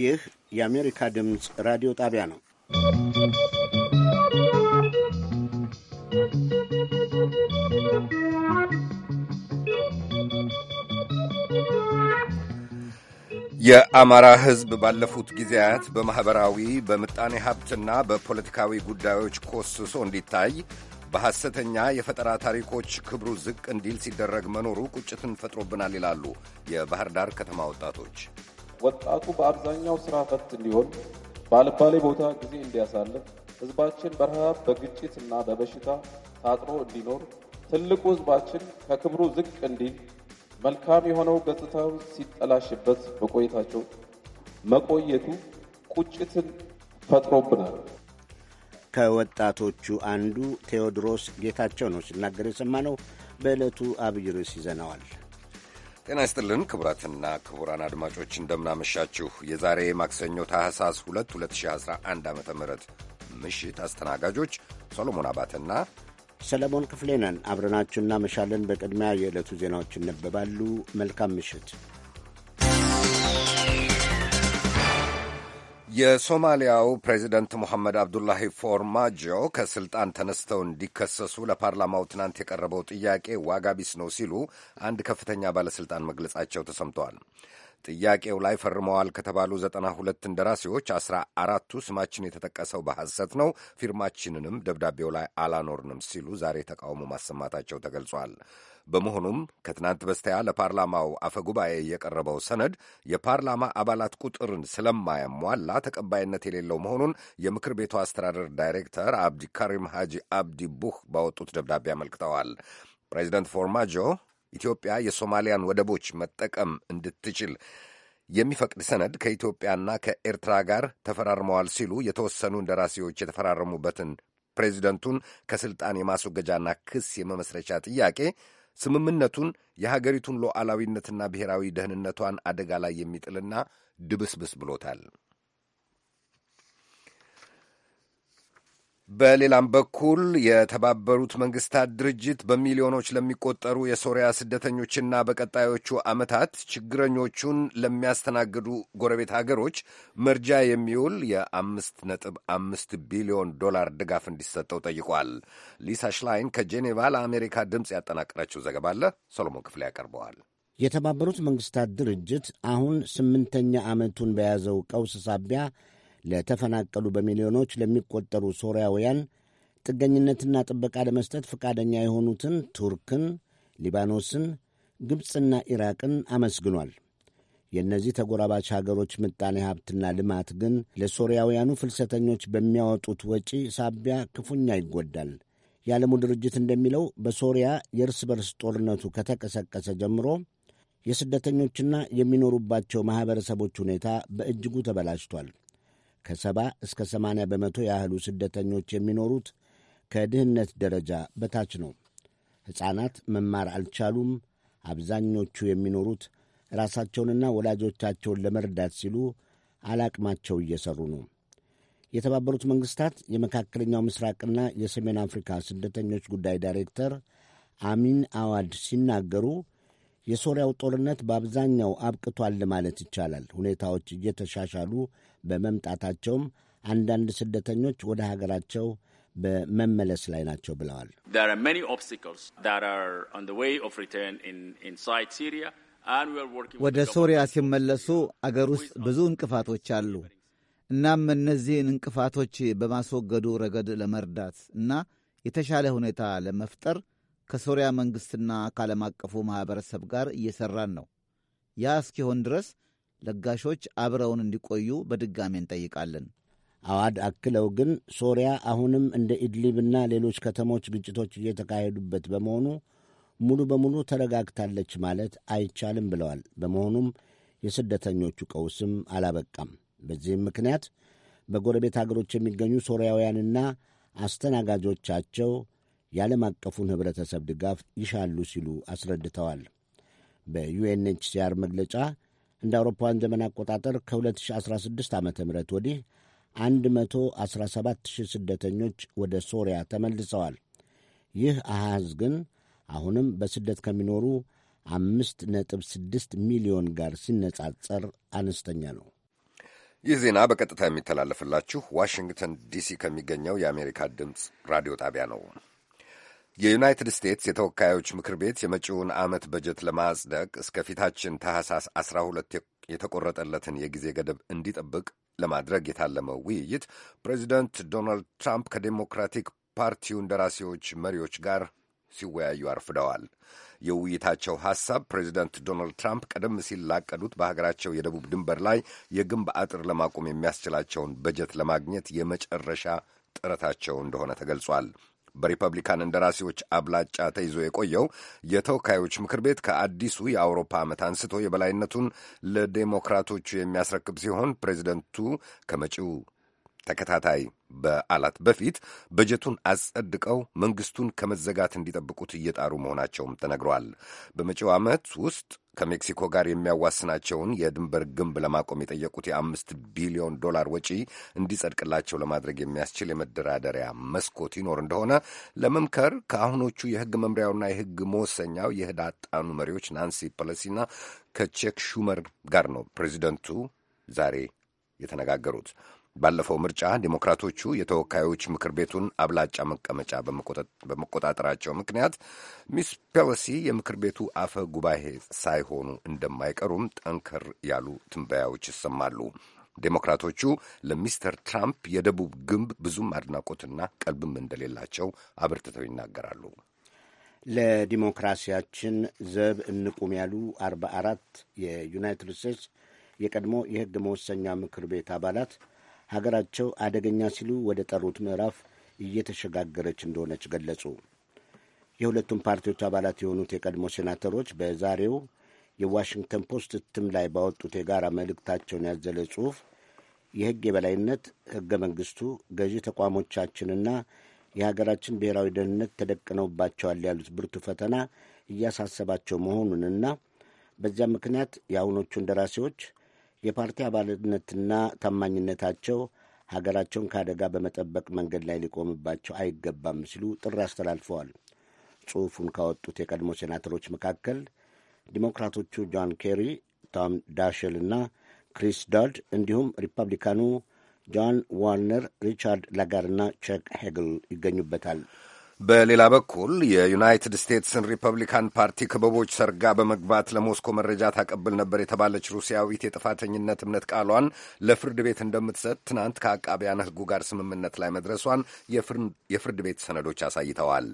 ይህ የአሜሪካ ድምፅ ራዲዮ ጣቢያ ነው። የአማራ ሕዝብ ባለፉት ጊዜያት በማኅበራዊ በምጣኔ ሀብትና በፖለቲካዊ ጉዳዮች ኮስሶ እንዲታይ በሐሰተኛ የፈጠራ ታሪኮች ክብሩ ዝቅ እንዲል ሲደረግ መኖሩ ቁጭትን ፈጥሮብናል ይላሉ የባህር ዳር ከተማ ወጣቶች። ወጣቱ በአብዛኛው ስራ ፈት እንዲሆን ባልባሌ ቦታ ጊዜ እንዲያሳልፍ ህዝባችን በረሃብ በግጭት እና በበሽታ ታጥሮ እንዲኖር ትልቁ ህዝባችን ከክብሩ ዝቅ እንዲል መልካም የሆነው ገጽታው ሲጠላሽበት በቆየታቸው መቆየቱ ቁጭትን ፈጥሮብናል። ከወጣቶቹ አንዱ ቴዎድሮስ ጌታቸው ነው ሲናገር ነው። በዕለቱ አብይ ርዕስ ይዘነዋል። ጤና ይስጥልን ክቡራትና ክቡራን አድማጮች እንደምናመሻችሁ። የዛሬ ማክሰኞ ታህሳስ 2 2011 ዓ ም ምሽት አስተናጋጆች ሰሎሞን አባተና ሰለሞን ክፍሌ ነን። አብረናችሁ እናመሻለን። በቅድሚያ የዕለቱ ዜናዎች ይነበባሉ። መልካም ምሽት። የሶማሊያው ፕሬዚደንት ሙሐመድ አብዱላሂ ፎርማጆ ከስልጣን ተነስተው እንዲከሰሱ ለፓርላማው ትናንት የቀረበው ጥያቄ ዋጋ ቢስ ነው ሲሉ አንድ ከፍተኛ ባለሥልጣን መግለጻቸው ተሰምተዋል። ጥያቄው ላይ ፈርመዋል ከተባሉ ዘጠና ሁለት እንደራሴዎች አስራ አራቱ ስማችን የተጠቀሰው በሐሰት ነው፣ ፊርማችንንም ደብዳቤው ላይ አላኖርንም ሲሉ ዛሬ ተቃውሞ ማሰማታቸው ተገልጿል። በመሆኑም ከትናንት በስቲያ ለፓርላማው አፈ ጉባኤ የቀረበው ሰነድ የፓርላማ አባላት ቁጥርን ስለማያሟላ ተቀባይነት የሌለው መሆኑን የምክር ቤቱ አስተዳደር ዳይሬክተር አብዲ ካሪም ሃጂ አብዲ ቡህ ባወጡት ደብዳቤ አመልክተዋል። ፕሬዚደንት ፎርማጆ ኢትዮጵያ የሶማሊያን ወደቦች መጠቀም እንድትችል የሚፈቅድ ሰነድ ከኢትዮጵያና ከኤርትራ ጋር ተፈራርመዋል ሲሉ የተወሰኑ እንደራሴዎች የተፈራረሙበትን ፕሬዚደንቱን ከስልጣን የማስወገጃና ክስ የመመስረቻ ጥያቄ ስምምነቱን የሀገሪቱን ሉዓላዊነትና ብሔራዊ ደህንነቷን አደጋ ላይ የሚጥልና ድብስብስ ብሎታል። በሌላም በኩል የተባበሩት መንግስታት ድርጅት በሚሊዮኖች ለሚቆጠሩ የሶሪያ ስደተኞችና በቀጣዮቹ ዓመታት ችግረኞቹን ለሚያስተናግዱ ጎረቤት አገሮች መርጃ የሚውል የአምስት ነጥብ አምስት ቢሊዮን ዶላር ድጋፍ እንዲሰጠው ጠይቋል። ሊሳ ሽላይን ከጄኔቫ ለአሜሪካ ድምፅ ያጠናቀረችው ዘገባ አለ ሰሎሞን ክፍሌ ያቀርበዋል። የተባበሩት መንግስታት ድርጅት አሁን ስምንተኛ ዓመቱን በያዘው ቀውስ ሳቢያ ለተፈናቀሉ በሚሊዮኖች ለሚቆጠሩ ሶርያውያን ጥገኝነትና ጥበቃ ለመስጠት ፈቃደኛ የሆኑትን ቱርክን፣ ሊባኖስን፣ ግብፅና ኢራቅን አመስግኗል። የእነዚህ ተጎራባች ሀገሮች ምጣኔ ሀብትና ልማት ግን ለሶርያውያኑ ፍልሰተኞች በሚያወጡት ወጪ ሳቢያ ክፉኛ ይጎዳል። የዓለሙ ድርጅት እንደሚለው በሶርያ የእርስ በርስ ጦርነቱ ከተቀሰቀሰ ጀምሮ የስደተኞችና የሚኖሩባቸው ማኅበረሰቦች ሁኔታ በእጅጉ ተበላሽቷል። ከ70 እስከ 80 በመቶ ያህሉ ስደተኞች የሚኖሩት ከድህነት ደረጃ በታች ነው። ሕፃናት መማር አልቻሉም። አብዛኞቹ የሚኖሩት ራሳቸውንና ወላጆቻቸውን ለመርዳት ሲሉ አላቅማቸው እየሠሩ ነው። የተባበሩት መንግሥታት የመካከለኛው ምስራቅና የሰሜን አፍሪካ ስደተኞች ጉዳይ ዳይሬክተር አሚን አዋድ ሲናገሩ የሶሪያው ጦርነት በአብዛኛው አብቅቷል ማለት ይቻላል። ሁኔታዎች እየተሻሻሉ በመምጣታቸውም አንዳንድ ስደተኞች ወደ ሀገራቸው በመመለስ ላይ ናቸው ብለዋል። ወደ ሶሪያ ሲመለሱ አገር ውስጥ ብዙ እንቅፋቶች አሉ። እናም እነዚህን እንቅፋቶች በማስወገዱ ረገድ ለመርዳት እና የተሻለ ሁኔታ ለመፍጠር ከሶሪያ መንግሥትና ከዓለም አቀፉ ማኅበረሰብ ጋር እየሠራን ነው። ያ እስኪሆን ድረስ ለጋሾች አብረውን እንዲቆዩ በድጋሚ እንጠይቃለን። አዋድ አክለው ግን ሶሪያ አሁንም እንደ ኢድሊብና ሌሎች ከተሞች ግጭቶች እየተካሄዱበት በመሆኑ ሙሉ በሙሉ ተረጋግታለች ማለት አይቻልም ብለዋል። በመሆኑም የስደተኞቹ ቀውስም አላበቃም። በዚህም ምክንያት በጎረቤት አገሮች የሚገኙ ሶርያውያንና አስተናጋጆቻቸው የዓለም አቀፉን ኅብረተሰብ ድጋፍ ይሻሉ ሲሉ አስረድተዋል። በዩኤንኤችሲአር መግለጫ እንደ አውሮፓውያን ዘመን አቆጣጠር ከ2016 ዓ ም ወዲህ 117,000 ስደተኞች ወደ ሶሪያ ተመልሰዋል። ይህ አሃዝ ግን አሁንም በስደት ከሚኖሩ 5.6 ሚሊዮን ጋር ሲነጻጸር አነስተኛ ነው። ይህ ዜና በቀጥታ የሚተላለፍላችሁ ዋሽንግተን ዲሲ ከሚገኘው የአሜሪካ ድምፅ ራዲዮ ጣቢያ ነው። የዩናይትድ ስቴትስ የተወካዮች ምክር ቤት የመጪውን ዓመት በጀት ለማጽደቅ እስከ ፊታችን ታህሳስ 12 የተቆረጠለትን የጊዜ ገደብ እንዲጠብቅ ለማድረግ የታለመው ውይይት ፕሬዚደንት ዶናልድ ትራምፕ ከዴሞክራቲክ ፓርቲው እንደራሴዎች መሪዎች ጋር ሲወያዩ አርፍደዋል። የውይይታቸው ሐሳብ ፕሬዚደንት ዶናልድ ትራምፕ ቀደም ሲል ላቀዱት በሀገራቸው የደቡብ ድንበር ላይ የግንብ አጥር ለማቆም የሚያስችላቸውን በጀት ለማግኘት የመጨረሻ ጥረታቸው እንደሆነ ተገልጿል። በሪፐብሊካን እንደራሴዎች አብላጫ ተይዞ የቆየው የተወካዮች ምክር ቤት ከአዲሱ የአውሮፓ ዓመት አንስቶ የበላይነቱን ለዴሞክራቶቹ የሚያስረክብ ሲሆን ፕሬዚደንቱ ከመጪው ተከታታይ በዓላት በፊት በጀቱን አጸድቀው መንግስቱን ከመዘጋት እንዲጠብቁት እየጣሩ መሆናቸውም ተነግሯል። በመጪው ዓመት ውስጥ ከሜክሲኮ ጋር የሚያዋስናቸውን የድንበር ግንብ ለማቆም የጠየቁት የአምስት ቢሊዮን ዶላር ወጪ እንዲጸድቅላቸው ለማድረግ የሚያስችል የመደራደሪያ መስኮት ይኖር እንደሆነ ለመምከር ከአሁኖቹ የሕግ መምሪያውና የሕግ መወሰኛው የህዳጣኑ መሪዎች ናንሲ ፐሎሲና ከቼክ ሹመር ጋር ነው ፕሬዚደንቱ ዛሬ የተነጋገሩት። ባለፈው ምርጫ ዴሞክራቶቹ የተወካዮች ምክር ቤቱን አብላጫ መቀመጫ በመቆጣጠራቸው ምክንያት ሚስ ፔሎሲ የምክር ቤቱ አፈ ጉባኤ ሳይሆኑ እንደማይቀሩም ጠንከር ያሉ ትንበያዎች ይሰማሉ። ዴሞክራቶቹ ለሚስተር ትራምፕ የደቡብ ግንብ ብዙም አድናቆትና ቀልብም እንደሌላቸው አበርትተው ይናገራሉ። ለዲሞክራሲያችን ዘብ እንቁም ያሉ አርባ አራት የዩናይትድ ስቴትስ የቀድሞ የሕግ መወሰኛ ምክር ቤት አባላት ሀገራቸው አደገኛ ሲሉ ወደ ጠሩት ምዕራፍ እየተሸጋገረች እንደሆነች ገለጹ። የሁለቱም ፓርቲዎች አባላት የሆኑት የቀድሞ ሴናተሮች በዛሬው የዋሽንግተን ፖስት እትም ላይ ባወጡት የጋራ መልእክታቸውን ያዘለ ጽሑፍ የሕግ የበላይነት፣ ሕገ መንግሥቱ፣ ገዢ ተቋሞቻችንና የሀገራችን ብሔራዊ ደህንነት ተደቅነውባቸዋል ያሉት ብርቱ ፈተና እያሳሰባቸው መሆኑንና በዚያም ምክንያት የአሁኖቹ እንደራሴዎች የፓርቲ አባልነትና ታማኝነታቸው ሀገራቸውን ከአደጋ በመጠበቅ መንገድ ላይ ሊቆምባቸው አይገባም ሲሉ ጥሪ አስተላልፈዋል። ጽሑፉን ካወጡት የቀድሞ ሴናተሮች መካከል ዲሞክራቶቹ ጆን ኬሪ፣ ቶም ዳሽል እና ክሪስ ዶድ እንዲሁም ሪፐብሊካኑ ጆን ዋርነር፣ ሪቻርድ ና ቸክ ሄግል ይገኙበታል። በሌላ በኩል የዩናይትድ ስቴትስን ሪፐብሊካን ፓርቲ ክበቦች ሰርጋ በመግባት ለሞስኮ መረጃ ታቀብል ነበር የተባለች ሩሲያዊት የጥፋተኝነት እምነት ቃሏን ለፍርድ ቤት እንደምትሰጥ ትናንት ከአቃቢያን ሕጉ ጋር ስምምነት ላይ መድረሷን የፍርድ ቤት ሰነዶች አሳይተዋል።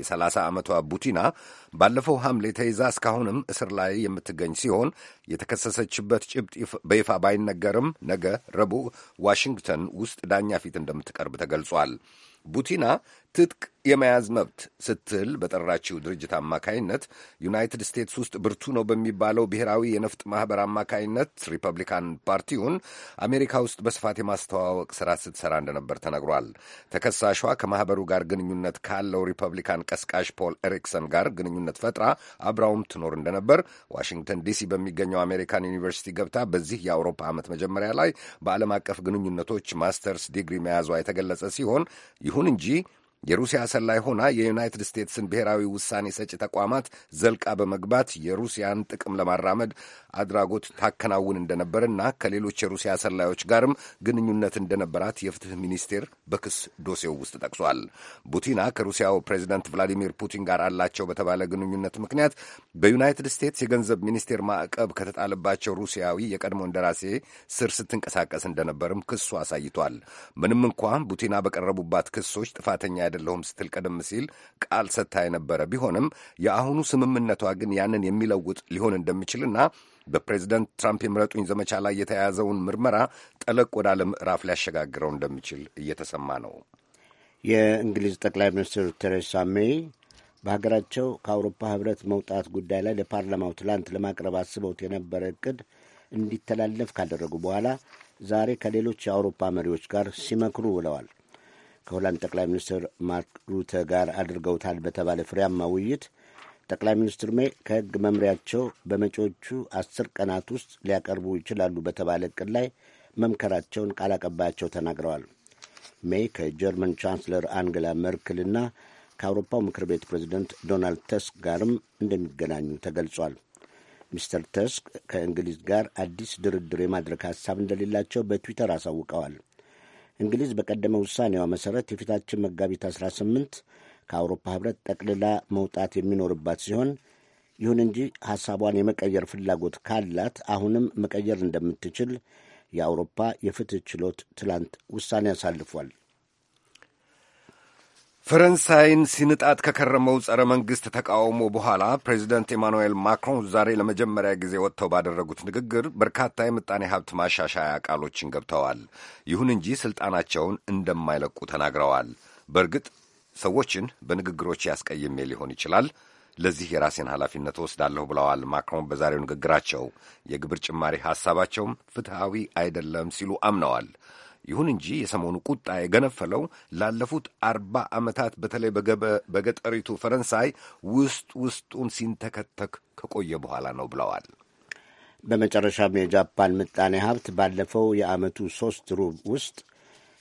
የ30 ዓመቷ ቡቲና ባለፈው ሐምሌ ተይዛ እስካሁንም እስር ላይ የምትገኝ ሲሆን የተከሰሰችበት ጭብጥ በይፋ ባይነገርም ነገ ረቡዕ ዋሽንግተን ውስጥ ዳኛ ፊት እንደምትቀርብ ተገልጿል። ቡቲና ትጥቅ የመያዝ መብት ስትል በጠራችው ድርጅት አማካይነት ዩናይትድ ስቴትስ ውስጥ ብርቱ ነው በሚባለው ብሔራዊ የነፍጥ ማኅበር አማካይነት ሪፐብሊካን ፓርቲውን አሜሪካ ውስጥ በስፋት የማስተዋወቅ ሥራ ስትሠራ እንደነበር ተነግሯል። ተከሳሿ ከማኅበሩ ጋር ግንኙነት ካለው ሪፐብሊካን ቀስቃሽ ፖል ኤሪክሰን ጋር ግንኙነት ፈጥራ አብራውም ትኖር እንደነበር ዋሽንግተን ዲሲ በሚገኘው አሜሪካን ዩኒቨርሲቲ ገብታ በዚህ የአውሮፓ ዓመት መጀመሪያ ላይ በዓለም አቀፍ ግንኙነቶች ማስተርስ ዲግሪ መያዟ የተገለጸ ሲሆን ይሁን እንጂ የሩሲያ ሰላይ ሆና የዩናይትድ ስቴትስን ብሔራዊ ውሳኔ ሰጪ ተቋማት ዘልቃ በመግባት የሩሲያን ጥቅም ለማራመድ አድራጎት ታከናውን እንደነበርና ከሌሎች የሩሲያ ሰላዮች ጋርም ግንኙነት እንደነበራት የፍትህ ሚኒስቴር በክስ ዶሴው ውስጥ ጠቅሷል። ቡቲና ከሩሲያው ፕሬዚደንት ቭላዲሚር ፑቲን ጋር አላቸው በተባለ ግንኙነት ምክንያት በዩናይትድ ስቴትስ የገንዘብ ሚኒስቴር ማዕቀብ ከተጣለባቸው ሩሲያዊ የቀድሞ እንደራሴ ስር ስትንቀሳቀስ እንደነበርም ክሱ አሳይቷል። ምንም እንኳ ቡቲና በቀረቡባት ክሶች ጥፋተኛ አይደለሁም ስትል ቀደም ሲል ቃል ሰጥታ የነበረ ቢሆንም የአሁኑ ስምምነቷ ግን ያንን የሚለውጥ ሊሆን እንደሚችልና በፕሬዚደንት ትራምፕ የምረጡኝ ዘመቻ ላይ የተያያዘውን ምርመራ ጠለቅ ወዳለ ምዕራፍ ሊያሸጋግረው እንደሚችል እየተሰማ ነው። የእንግሊዝ ጠቅላይ ሚኒስትር ቴሬሳ ሜይ በሀገራቸው ከአውሮፓ ህብረት መውጣት ጉዳይ ላይ ለፓርላማው ትላንት ለማቅረብ አስበውት የነበረ እቅድ እንዲተላለፍ ካደረጉ በኋላ ዛሬ ከሌሎች የአውሮፓ መሪዎች ጋር ሲመክሩ ውለዋል። ከሆላንድ ጠቅላይ ሚኒስትር ማርክ ሩተ ጋር አድርገውታል በተባለ ፍሬያማ ውይይት ጠቅላይ ሚኒስትር ሜይ ከሕግ መምሪያቸው በመጪዎቹ አስር ቀናት ውስጥ ሊያቀርቡ ይችላሉ በተባለ እቅድ ላይ መምከራቸውን ቃል አቀባያቸው ተናግረዋል። ሜይ ከጀርመን ቻንስለር አንገላ መርክልና ከአውሮፓው ምክር ቤት ፕሬዚደንት ዶናልድ ተስክ ጋርም እንደሚገናኙ ተገልጿል። ሚስተር ተስክ ከእንግሊዝ ጋር አዲስ ድርድር የማድረግ ሀሳብ እንደሌላቸው በትዊተር አሳውቀዋል። እንግሊዝ በቀደመ ውሳኔዋ መሠረት የፊታችን መጋቢት 18 ከአውሮፓ ኅብረት ጠቅልላ መውጣት የሚኖርባት ሲሆን ይሁን እንጂ ሐሳቧን የመቀየር ፍላጎት ካላት አሁንም መቀየር እንደምትችል የአውሮፓ የፍትህ ችሎት ትላንት ውሳኔ አሳልፏል። ፈረንሳይን ሲንጣት ከከረመው ጸረ መንግሥት ተቃውሞ በኋላ ፕሬዚደንት ኤማኑኤል ማክሮን ዛሬ ለመጀመሪያ ጊዜ ወጥተው ባደረጉት ንግግር በርካታ የምጣኔ ሀብት ማሻሻያ ቃሎችን ገብተዋል። ይሁን እንጂ ሥልጣናቸውን እንደማይለቁ ተናግረዋል። በእርግጥ ሰዎችን በንግግሮች ያስቀይሜ ሊሆን ይችላል ለዚህ የራሴን ኃላፊነት ወስዳለሁ ብለዋል ማክሮን በዛሬው ንግግራቸው። የግብር ጭማሪ ሐሳባቸውም ፍትሐዊ አይደለም ሲሉ አምነዋል። ይሁን እንጂ የሰሞኑ ቁጣ የገነፈለው ላለፉት አርባ ዓመታት በተለይ በገጠሪቱ ፈረንሳይ ውስጥ ውስጡን ሲንተከተክ ከቆየ በኋላ ነው ብለዋል። በመጨረሻም የጃፓን ምጣኔ ሀብት ባለፈው የዓመቱ ሦስት ሩብ ውስጥ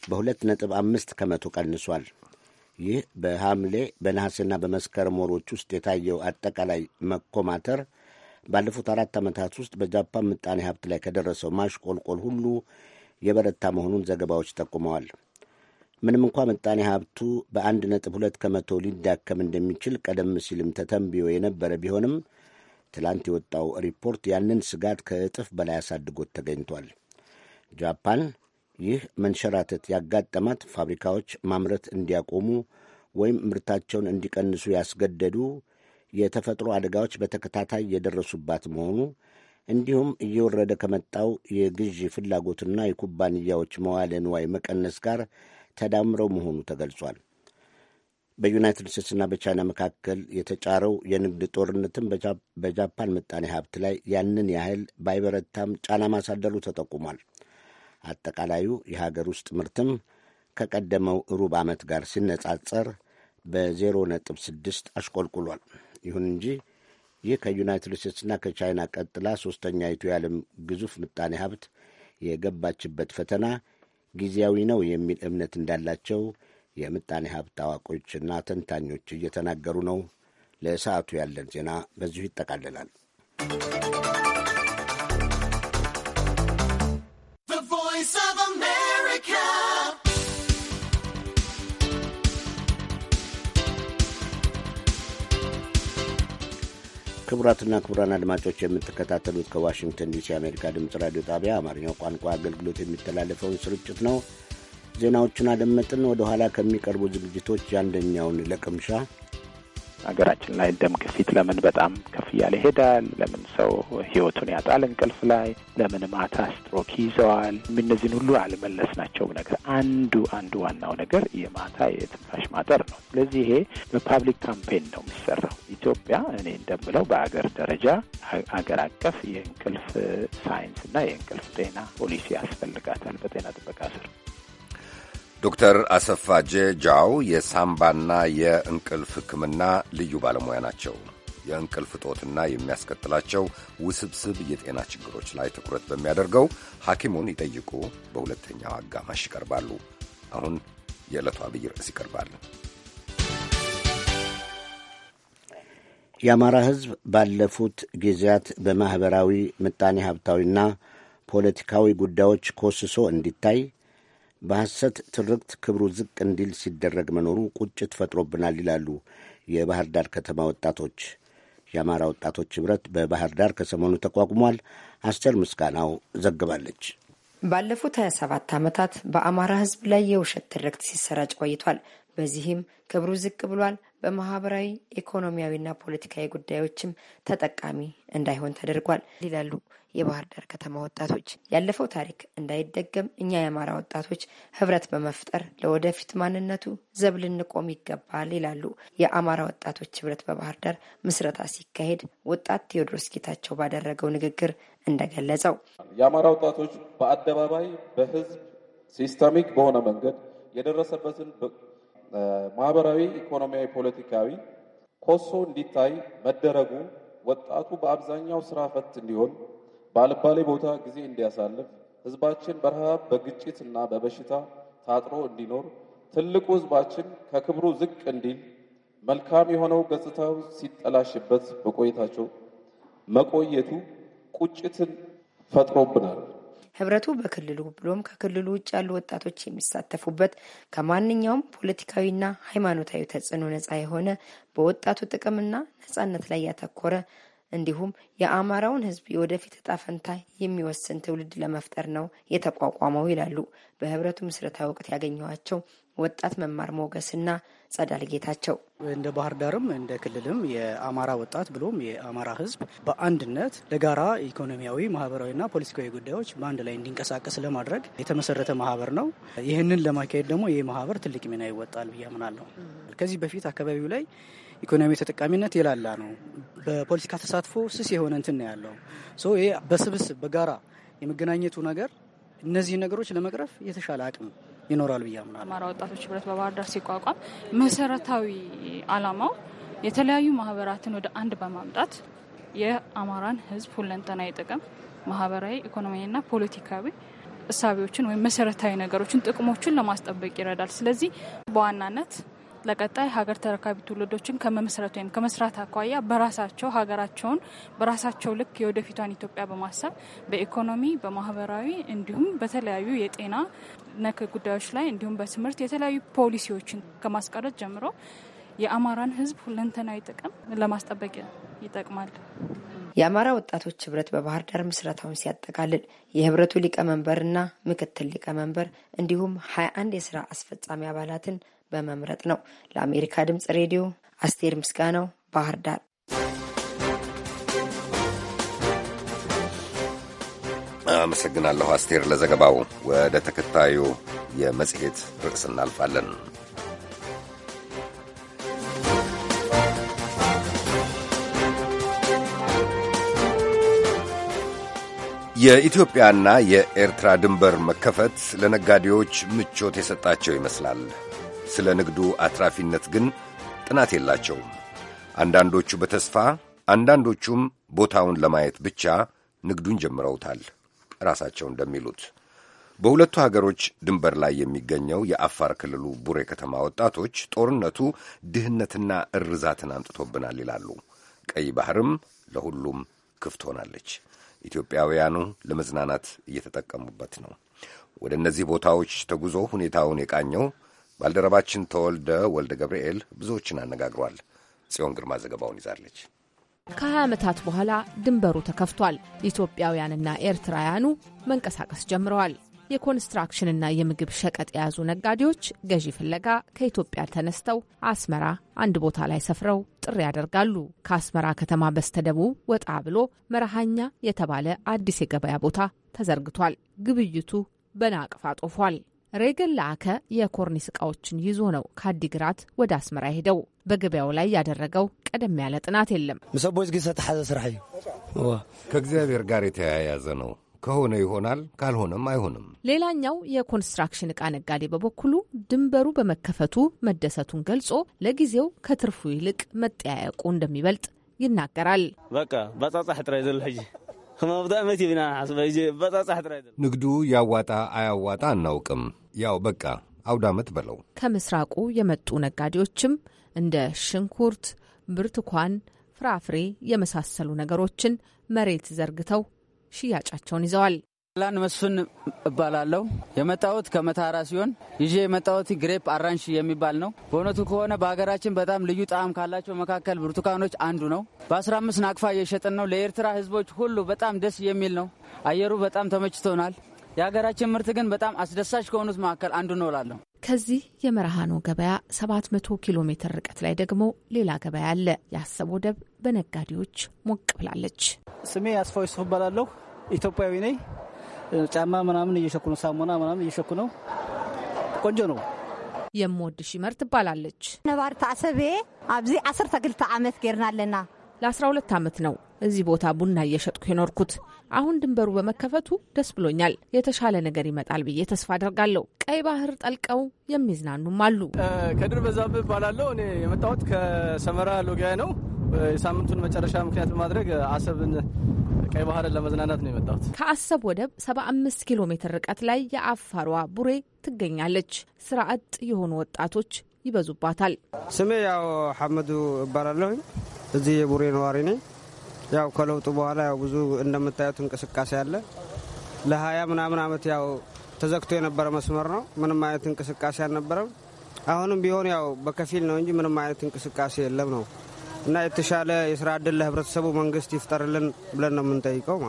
በሁለት ነጥብ አምስት ከመቶ ቀንሷል። ይህ በሐምሌ በነሐሴና በመስከረም ወሮች ውስጥ የታየው አጠቃላይ መኮማተር ባለፉት አራት ዓመታት ውስጥ በጃፓን ምጣኔ ሀብት ላይ ከደረሰው ማሽቆልቆል ሁሉ የበረታ መሆኑን ዘገባዎች ጠቁመዋል። ምንም እንኳ ምጣኔ ሀብቱ በአንድ ነጥብ ሁለት ከመቶ ሊዳከም እንደሚችል ቀደም ሲልም ተተንብዮ የነበረ ቢሆንም ትላንት የወጣው ሪፖርት ያንን ስጋት ከእጥፍ በላይ አሳድጎት ተገኝቷል። ጃፓን ይህ መንሸራተት ያጋጠማት ፋብሪካዎች ማምረት እንዲያቆሙ ወይም ምርታቸውን እንዲቀንሱ ያስገደዱ የተፈጥሮ አደጋዎች በተከታታይ የደረሱባት መሆኑ እንዲሁም እየወረደ ከመጣው የግዢ ፍላጎትና የኩባንያዎች መዋለ ንዋይ መቀነስ ጋር ተዳምረው መሆኑ ተገልጿል። በዩናይትድ ስቴትስና በቻይና መካከል የተጫረው የንግድ ጦርነትም በጃፓን ምጣኔ ሀብት ላይ ያንን ያህል ባይበረታም ጫና ማሳደሩ ተጠቁሟል። አጠቃላዩ የሀገር ውስጥ ምርትም ከቀደመው ሩብ ዓመት ጋር ሲነጻጸር በ0 ነጥብ 6 አሽቆልቁሏል። ይሁን እንጂ ይህ ከዩናይትድ ስቴትስና ከቻይና ቀጥላ ሦስተኛይቱ የዓለም ግዙፍ ምጣኔ ሀብት የገባችበት ፈተና ጊዜያዊ ነው የሚል እምነት እንዳላቸው የምጣኔ ሀብት አዋቂዎችና ተንታኞች እየተናገሩ ነው። ለሰዓቱ ያለን ዜና በዚሁ ይጠቃልላል። ክቡራትና ክቡራን አድማጮች የምትከታተሉት ከዋሽንግተን ዲሲ የአሜሪካ ድምፅ ራዲዮ ጣቢያ አማርኛው ቋንቋ አገልግሎት የሚተላለፈውን ስርጭት ነው። ዜናዎቹን አደመጥን። ወደ ኋላ ከሚቀርቡ ዝግጅቶች የአንደኛውን ለቅምሻ ሀገራችን ላይ ደም ግፊት ለምን በጣም ከፍ እያለ ይሄዳል? ለምን ሰው ህይወቱን ያጣል እንቅልፍ ላይ? ለምን ማታ ስትሮክ ይዘዋል? እነዚህን ሁሉ ናቸው ነገር አንዱ አንዱ ዋናው ነገር የማታ የትንፋሽ ማጠር ነው። ስለዚህ ይሄ በፓብሊክ ካምፔን ነው የሚሰራው። ኢትዮጵያ እኔ እንደምለው በአገር ደረጃ አገር አቀፍ የእንቅልፍ ሳይንስ እና የእንቅልፍ ጤና ፖሊሲ ያስፈልጋታል በጤና ጥበቃ ስር ዶክተር አሰፋ ጄጃው የሳምባና የእንቅልፍ ሕክምና ልዩ ባለሙያ ናቸው። የእንቅልፍ እጦትና የሚያስከትላቸው ውስብስብ የጤና ችግሮች ላይ ትኩረት በሚያደርገው ሐኪሙን ይጠይቁ በሁለተኛው አጋማሽ ይቀርባሉ። አሁን የዕለቱ አብይ ርዕስ ይቀርባል። የአማራ ሕዝብ ባለፉት ጊዜያት በማኅበራዊ ምጣኔ ሀብታዊና ፖለቲካዊ ጉዳዮች ኮስሶ እንዲታይ በሐሰት ትርክት ክብሩ ዝቅ እንዲል ሲደረግ መኖሩ ቁጭት ፈጥሮብናል ይላሉ የባህር ዳር ከተማ ወጣቶች። የአማራ ወጣቶች ኅብረት በባህር ዳር ከሰሞኑ ተቋቁሟል። አስቸር ምስጋናው ዘግባለች። ባለፉት 27 ዓመታት በአማራ ሕዝብ ላይ የውሸት ትርክት ሲሰራጭ ቆይቷል። በዚህም ክብሩ ዝቅ ብሏል። በማህበራዊ ኢኮኖሚያዊና ፖለቲካዊ ጉዳዮችም ተጠቃሚ እንዳይሆን ተደርጓል ይላሉ የባህር ዳር ከተማ ወጣቶች። ያለፈው ታሪክ እንዳይደገም እኛ የአማራ ወጣቶች ህብረት በመፍጠር ለወደፊት ማንነቱ ዘብ ልንቆም ይገባል ይላሉ። የአማራ ወጣቶች ህብረት በባህር ዳር ምስረታ ሲካሄድ ወጣት ቴዎድሮስ ጌታቸው ባደረገው ንግግር እንደገለጸው የአማራ ወጣቶች በአደባባይ በህዝብ ሲስተሚክ በሆነ መንገድ የደረሰበትን ማህበራዊ፣ ኢኮኖሚያዊ፣ ፖለቲካዊ ኮሶ እንዲታይ መደረጉ ወጣቱ በአብዛኛው ስራ ፈት እንዲሆን ባልባሌ ቦታ ጊዜ እንዲያሳልፍ ህዝባችን በረሃብ በግጭት እና በበሽታ ታጥሮ እንዲኖር ትልቁ ህዝባችን ከክብሩ ዝቅ እንዲል መልካም የሆነው ገጽታው ሲጠላሽበት በቆይታቸው መቆየቱ ቁጭትን ፈጥሮብናል። ህብረቱ በክልሉ ብሎም ከክልሉ ውጭ ያሉ ወጣቶች የሚሳተፉበት ከማንኛውም ፖለቲካዊና ሃይማኖታዊ ተጽዕኖ ነጻ የሆነ በወጣቱ ጥቅምና ነጻነት ላይ ያተኮረ እንዲሁም የአማራውን ህዝብ የወደፊት እጣ ፈንታ የሚወስን ትውልድ ለመፍጠር ነው የተቋቋመው ይላሉ። በህብረቱ ምስረታ ወቅት ያገኘኋቸው ወጣት መማር ሞገስና ጸዳል ጌታቸው እንደ ባህር ዳርም እንደ ክልልም የአማራ ወጣት ብሎም የአማራ ሕዝብ በአንድነት ለጋራ ኢኮኖሚያዊ፣ ማህበራዊና ፖለቲካዊ ጉዳዮች በአንድ ላይ እንዲንቀሳቀስ ለማድረግ የተመሰረተ ማህበር ነው። ይህንን ለማካሄድ ደግሞ ይህ ማህበር ትልቅ ሚና ይወጣል ብዬ አምናለሁ። ከዚህ በፊት አካባቢው ላይ ኢኮኖሚ ተጠቃሚነት የላላ ነው። በፖለቲካ ተሳትፎ ስስ የሆነ እንትን ያለው። ይህ በስብስብ በጋራ የመገናኘቱ ነገር እነዚህ ነገሮች ለመቅረፍ የተሻለ አቅም ይኖራል ብዬ አምናለሁ። አማራ ወጣቶች ህብረት በባህር ዳር ሲቋቋም መሰረታዊ አላማው የተለያዩ ማህበራትን ወደ አንድ በማምጣት የአማራን ህዝብ ሁለንተናዊ ጥቅም ማህበራዊ፣ ኢኮኖሚያዊና ፖለቲካዊ እሳቤዎችን ወይም መሰረታዊ ነገሮችን ጥቅሞችን ለማስጠበቅ ይረዳል። ስለዚህ በዋናነት ለቀጣይ ሀገር ተረካቢ ትውልዶችን ከመመስረት ወይም ከመስራት አኳያ በራሳቸው ሀገራቸውን በራሳቸው ልክ የወደፊቷን ኢትዮጵያ በማሰብ በኢኮኖሚ፣ በማህበራዊ እንዲሁም በተለያዩ የጤና ነክ ጉዳዮች ላይ እንዲሁም በትምህርት የተለያዩ ፖሊሲዎችን ከማስቀረት ጀምሮ የአማራን ሕዝብ ሁለንተናዊ ጥቅም ለማስጠበቅ ይጠቅማል። የአማራ ወጣቶች ህብረት በባህር ዳር ምስረታውን ሲያጠቃልል የህብረቱ ሊቀመንበርና ምክትል ሊቀመንበር እንዲሁም ሀያ አንድ የስራ አስፈጻሚ አባላትን በመምረጥ ነው። ለአሜሪካ ድምጽ ሬዲዮ አስቴር ምስጋናው ባህር ዳር። አመሰግናለሁ አስቴር ለዘገባው። ወደ ተከታዩ የመጽሔት ርዕስ እናልፋለን። የኢትዮጵያና የኤርትራ ድንበር መከፈት ለነጋዴዎች ምቾት የሰጣቸው ይመስላል። ስለ ንግዱ አትራፊነት ግን ጥናት የላቸውም። አንዳንዶቹ በተስፋ አንዳንዶቹም ቦታውን ለማየት ብቻ ንግዱን ጀምረውታል። ራሳቸው እንደሚሉት በሁለቱ ሀገሮች ድንበር ላይ የሚገኘው የአፋር ክልሉ ቡሬ ከተማ ወጣቶች ጦርነቱ ድህነትና እርዛትን አምጥቶብናል ይላሉ። ቀይ ባህርም ለሁሉም ክፍት ሆናለች። ኢትዮጵያውያኑ ለመዝናናት እየተጠቀሙበት ነው። ወደ እነዚህ ቦታዎች ተጉዞ ሁኔታውን የቃኘው ባልደረባችን ተወልደ ወልደ ገብርኤል ብዙዎችን አነጋግሯል። ጽዮን ግርማ ዘገባውን ይዛለች። ከ20 ዓመታት በኋላ ድንበሩ ተከፍቷል። ኢትዮጵያውያንና ኤርትራውያኑ መንቀሳቀስ ጀምረዋል። የኮንስትራክሽንና የምግብ ሸቀጥ የያዙ ነጋዴዎች ገዢ ፍለጋ ከኢትዮጵያ ተነስተው አስመራ አንድ ቦታ ላይ ሰፍረው ጥሪ ያደርጋሉ። ከአስመራ ከተማ በስተደቡብ ወጣ ብሎ መርሃኛ የተባለ አዲስ የገበያ ቦታ ተዘርግቷል። ግብይቱ በናቅፋ ጦፏል። ሬገን ለአከ የኮርኒስ እቃዎችን ይዞ ነው ከአዲግራት ወደ አስመራ ሄደው በገበያው ላይ ያደረገው ቀደም ያለ ጥናት የለም። ምሰቦች ግን ዝተሓዘ ስራሕ እዩ ከእግዚአብሔር ጋር የተያያዘ ነው። ከሆነ ይሆናል፣ ካልሆነም አይሆንም። ሌላኛው የኮንስትራክሽን እቃ ነጋዴ በበኩሉ ድንበሩ በመከፈቱ መደሰቱን ገልጾ ለጊዜው ከትርፉ ይልቅ መጠያየቁ እንደሚበልጥ ይናገራል። በቃ በጻጻ ጥራይ ዘሎ ሕጂ ንግዱ ያዋጣ አያዋጣ አናውቅም። ያው በቃ አውድ በለው። ከምስራቁ የመጡ ነጋዴዎችም እንደ ሽንኩርት፣ ብርቱካን፣ ፍራፍሬ የመሳሰሉ ነገሮችን መሬት ዘርግተው ሽያጫቸውን ይዘዋል። ላን መስፍን እባላለሁ። የመጣሁት ከመታራ ሲሆን ይዤ የመጣሁት ግሬፕ አራንሽ የሚባል ነው። በእውነቱ ከሆነ በሀገራችን በጣም ልዩ ጣዕም ካላቸው መካከል ብርቱካኖች አንዱ ነው። በ15 ናቅፋ እየሸጥን ነው። ለኤርትራ ህዝቦች ሁሉ በጣም ደስ የሚል ነው። አየሩ በጣም ተመችቶናል። የሀገራችን ምርት ግን በጣም አስደሳች ከሆኑት መካከል አንዱ ነው እላለሁ። ከዚህ የመርሃኖ ገበያ 700 ኪሎ ሜትር ርቀት ላይ ደግሞ ሌላ ገበያ አለ። የአሰብ ወደብ በነጋዴዎች ሞቅ ብላለች። ስሜ አስፋዊ ሱፍ እባላለሁ። ኢትዮጵያዊ ነኝ። ጫማ ምናምን እየሸኩ ነው። ሳሙና ምናምን እየሸኩ ነው። ቆንጆ ነው። የምወድ ሽመር ትባላለች። ነባርታ አሰቤ ኣብዚ ክልተ ዓመት ጌርና ኣለና ለ12 ዓመት ነው እዚህ ቦታ ቡና እየሸጥኩ የኖርኩት። አሁን ድንበሩ በመከፈቱ ደስ ብሎኛል። የተሻለ ነገር ይመጣል ብዬ ተስፋ አደርጋለሁ። ቀይ ባህር ጠልቀው የሚዝናኑም አሉ። ከድር በዛብህ እባላለሁ። እኔ የመጣሁት ከሰመራ ሎጊያ ነው። የሳምንቱን መጨረሻ ምክንያት በማድረግ አሰብን ቀይ ባህርን ለመዝናናት ነው የመጣሁት። ከአሰብ ወደብ 75 ኪሎ ሜትር ርቀት ላይ የአፋሯ ቡሬ ትገኛለች። ስራ አጥ የሆኑ ወጣቶች ይበዙባታል። ስሜ ያው ሐመዱ እባላለሁ። እዚህ የቡሬ ነዋሪ ነኝ። ያው ከለውጡ በኋላ ያው ብዙ እንደምታዩት እንቅስቃሴ አለ። ለሀያ ምናምን ዓመት ያው ተዘግቶ የነበረ መስመር ነው። ምንም አይነት እንቅስቃሴ አልነበረም። አሁንም ቢሆን ያው በከፊል ነው እንጂ ምንም አይነት እንቅስቃሴ የለም ነው እና የተሻለ የስራ እድል ለህብረተሰቡ መንግስት ይፍጠርልን ብለን ነው የምንጠይቀው።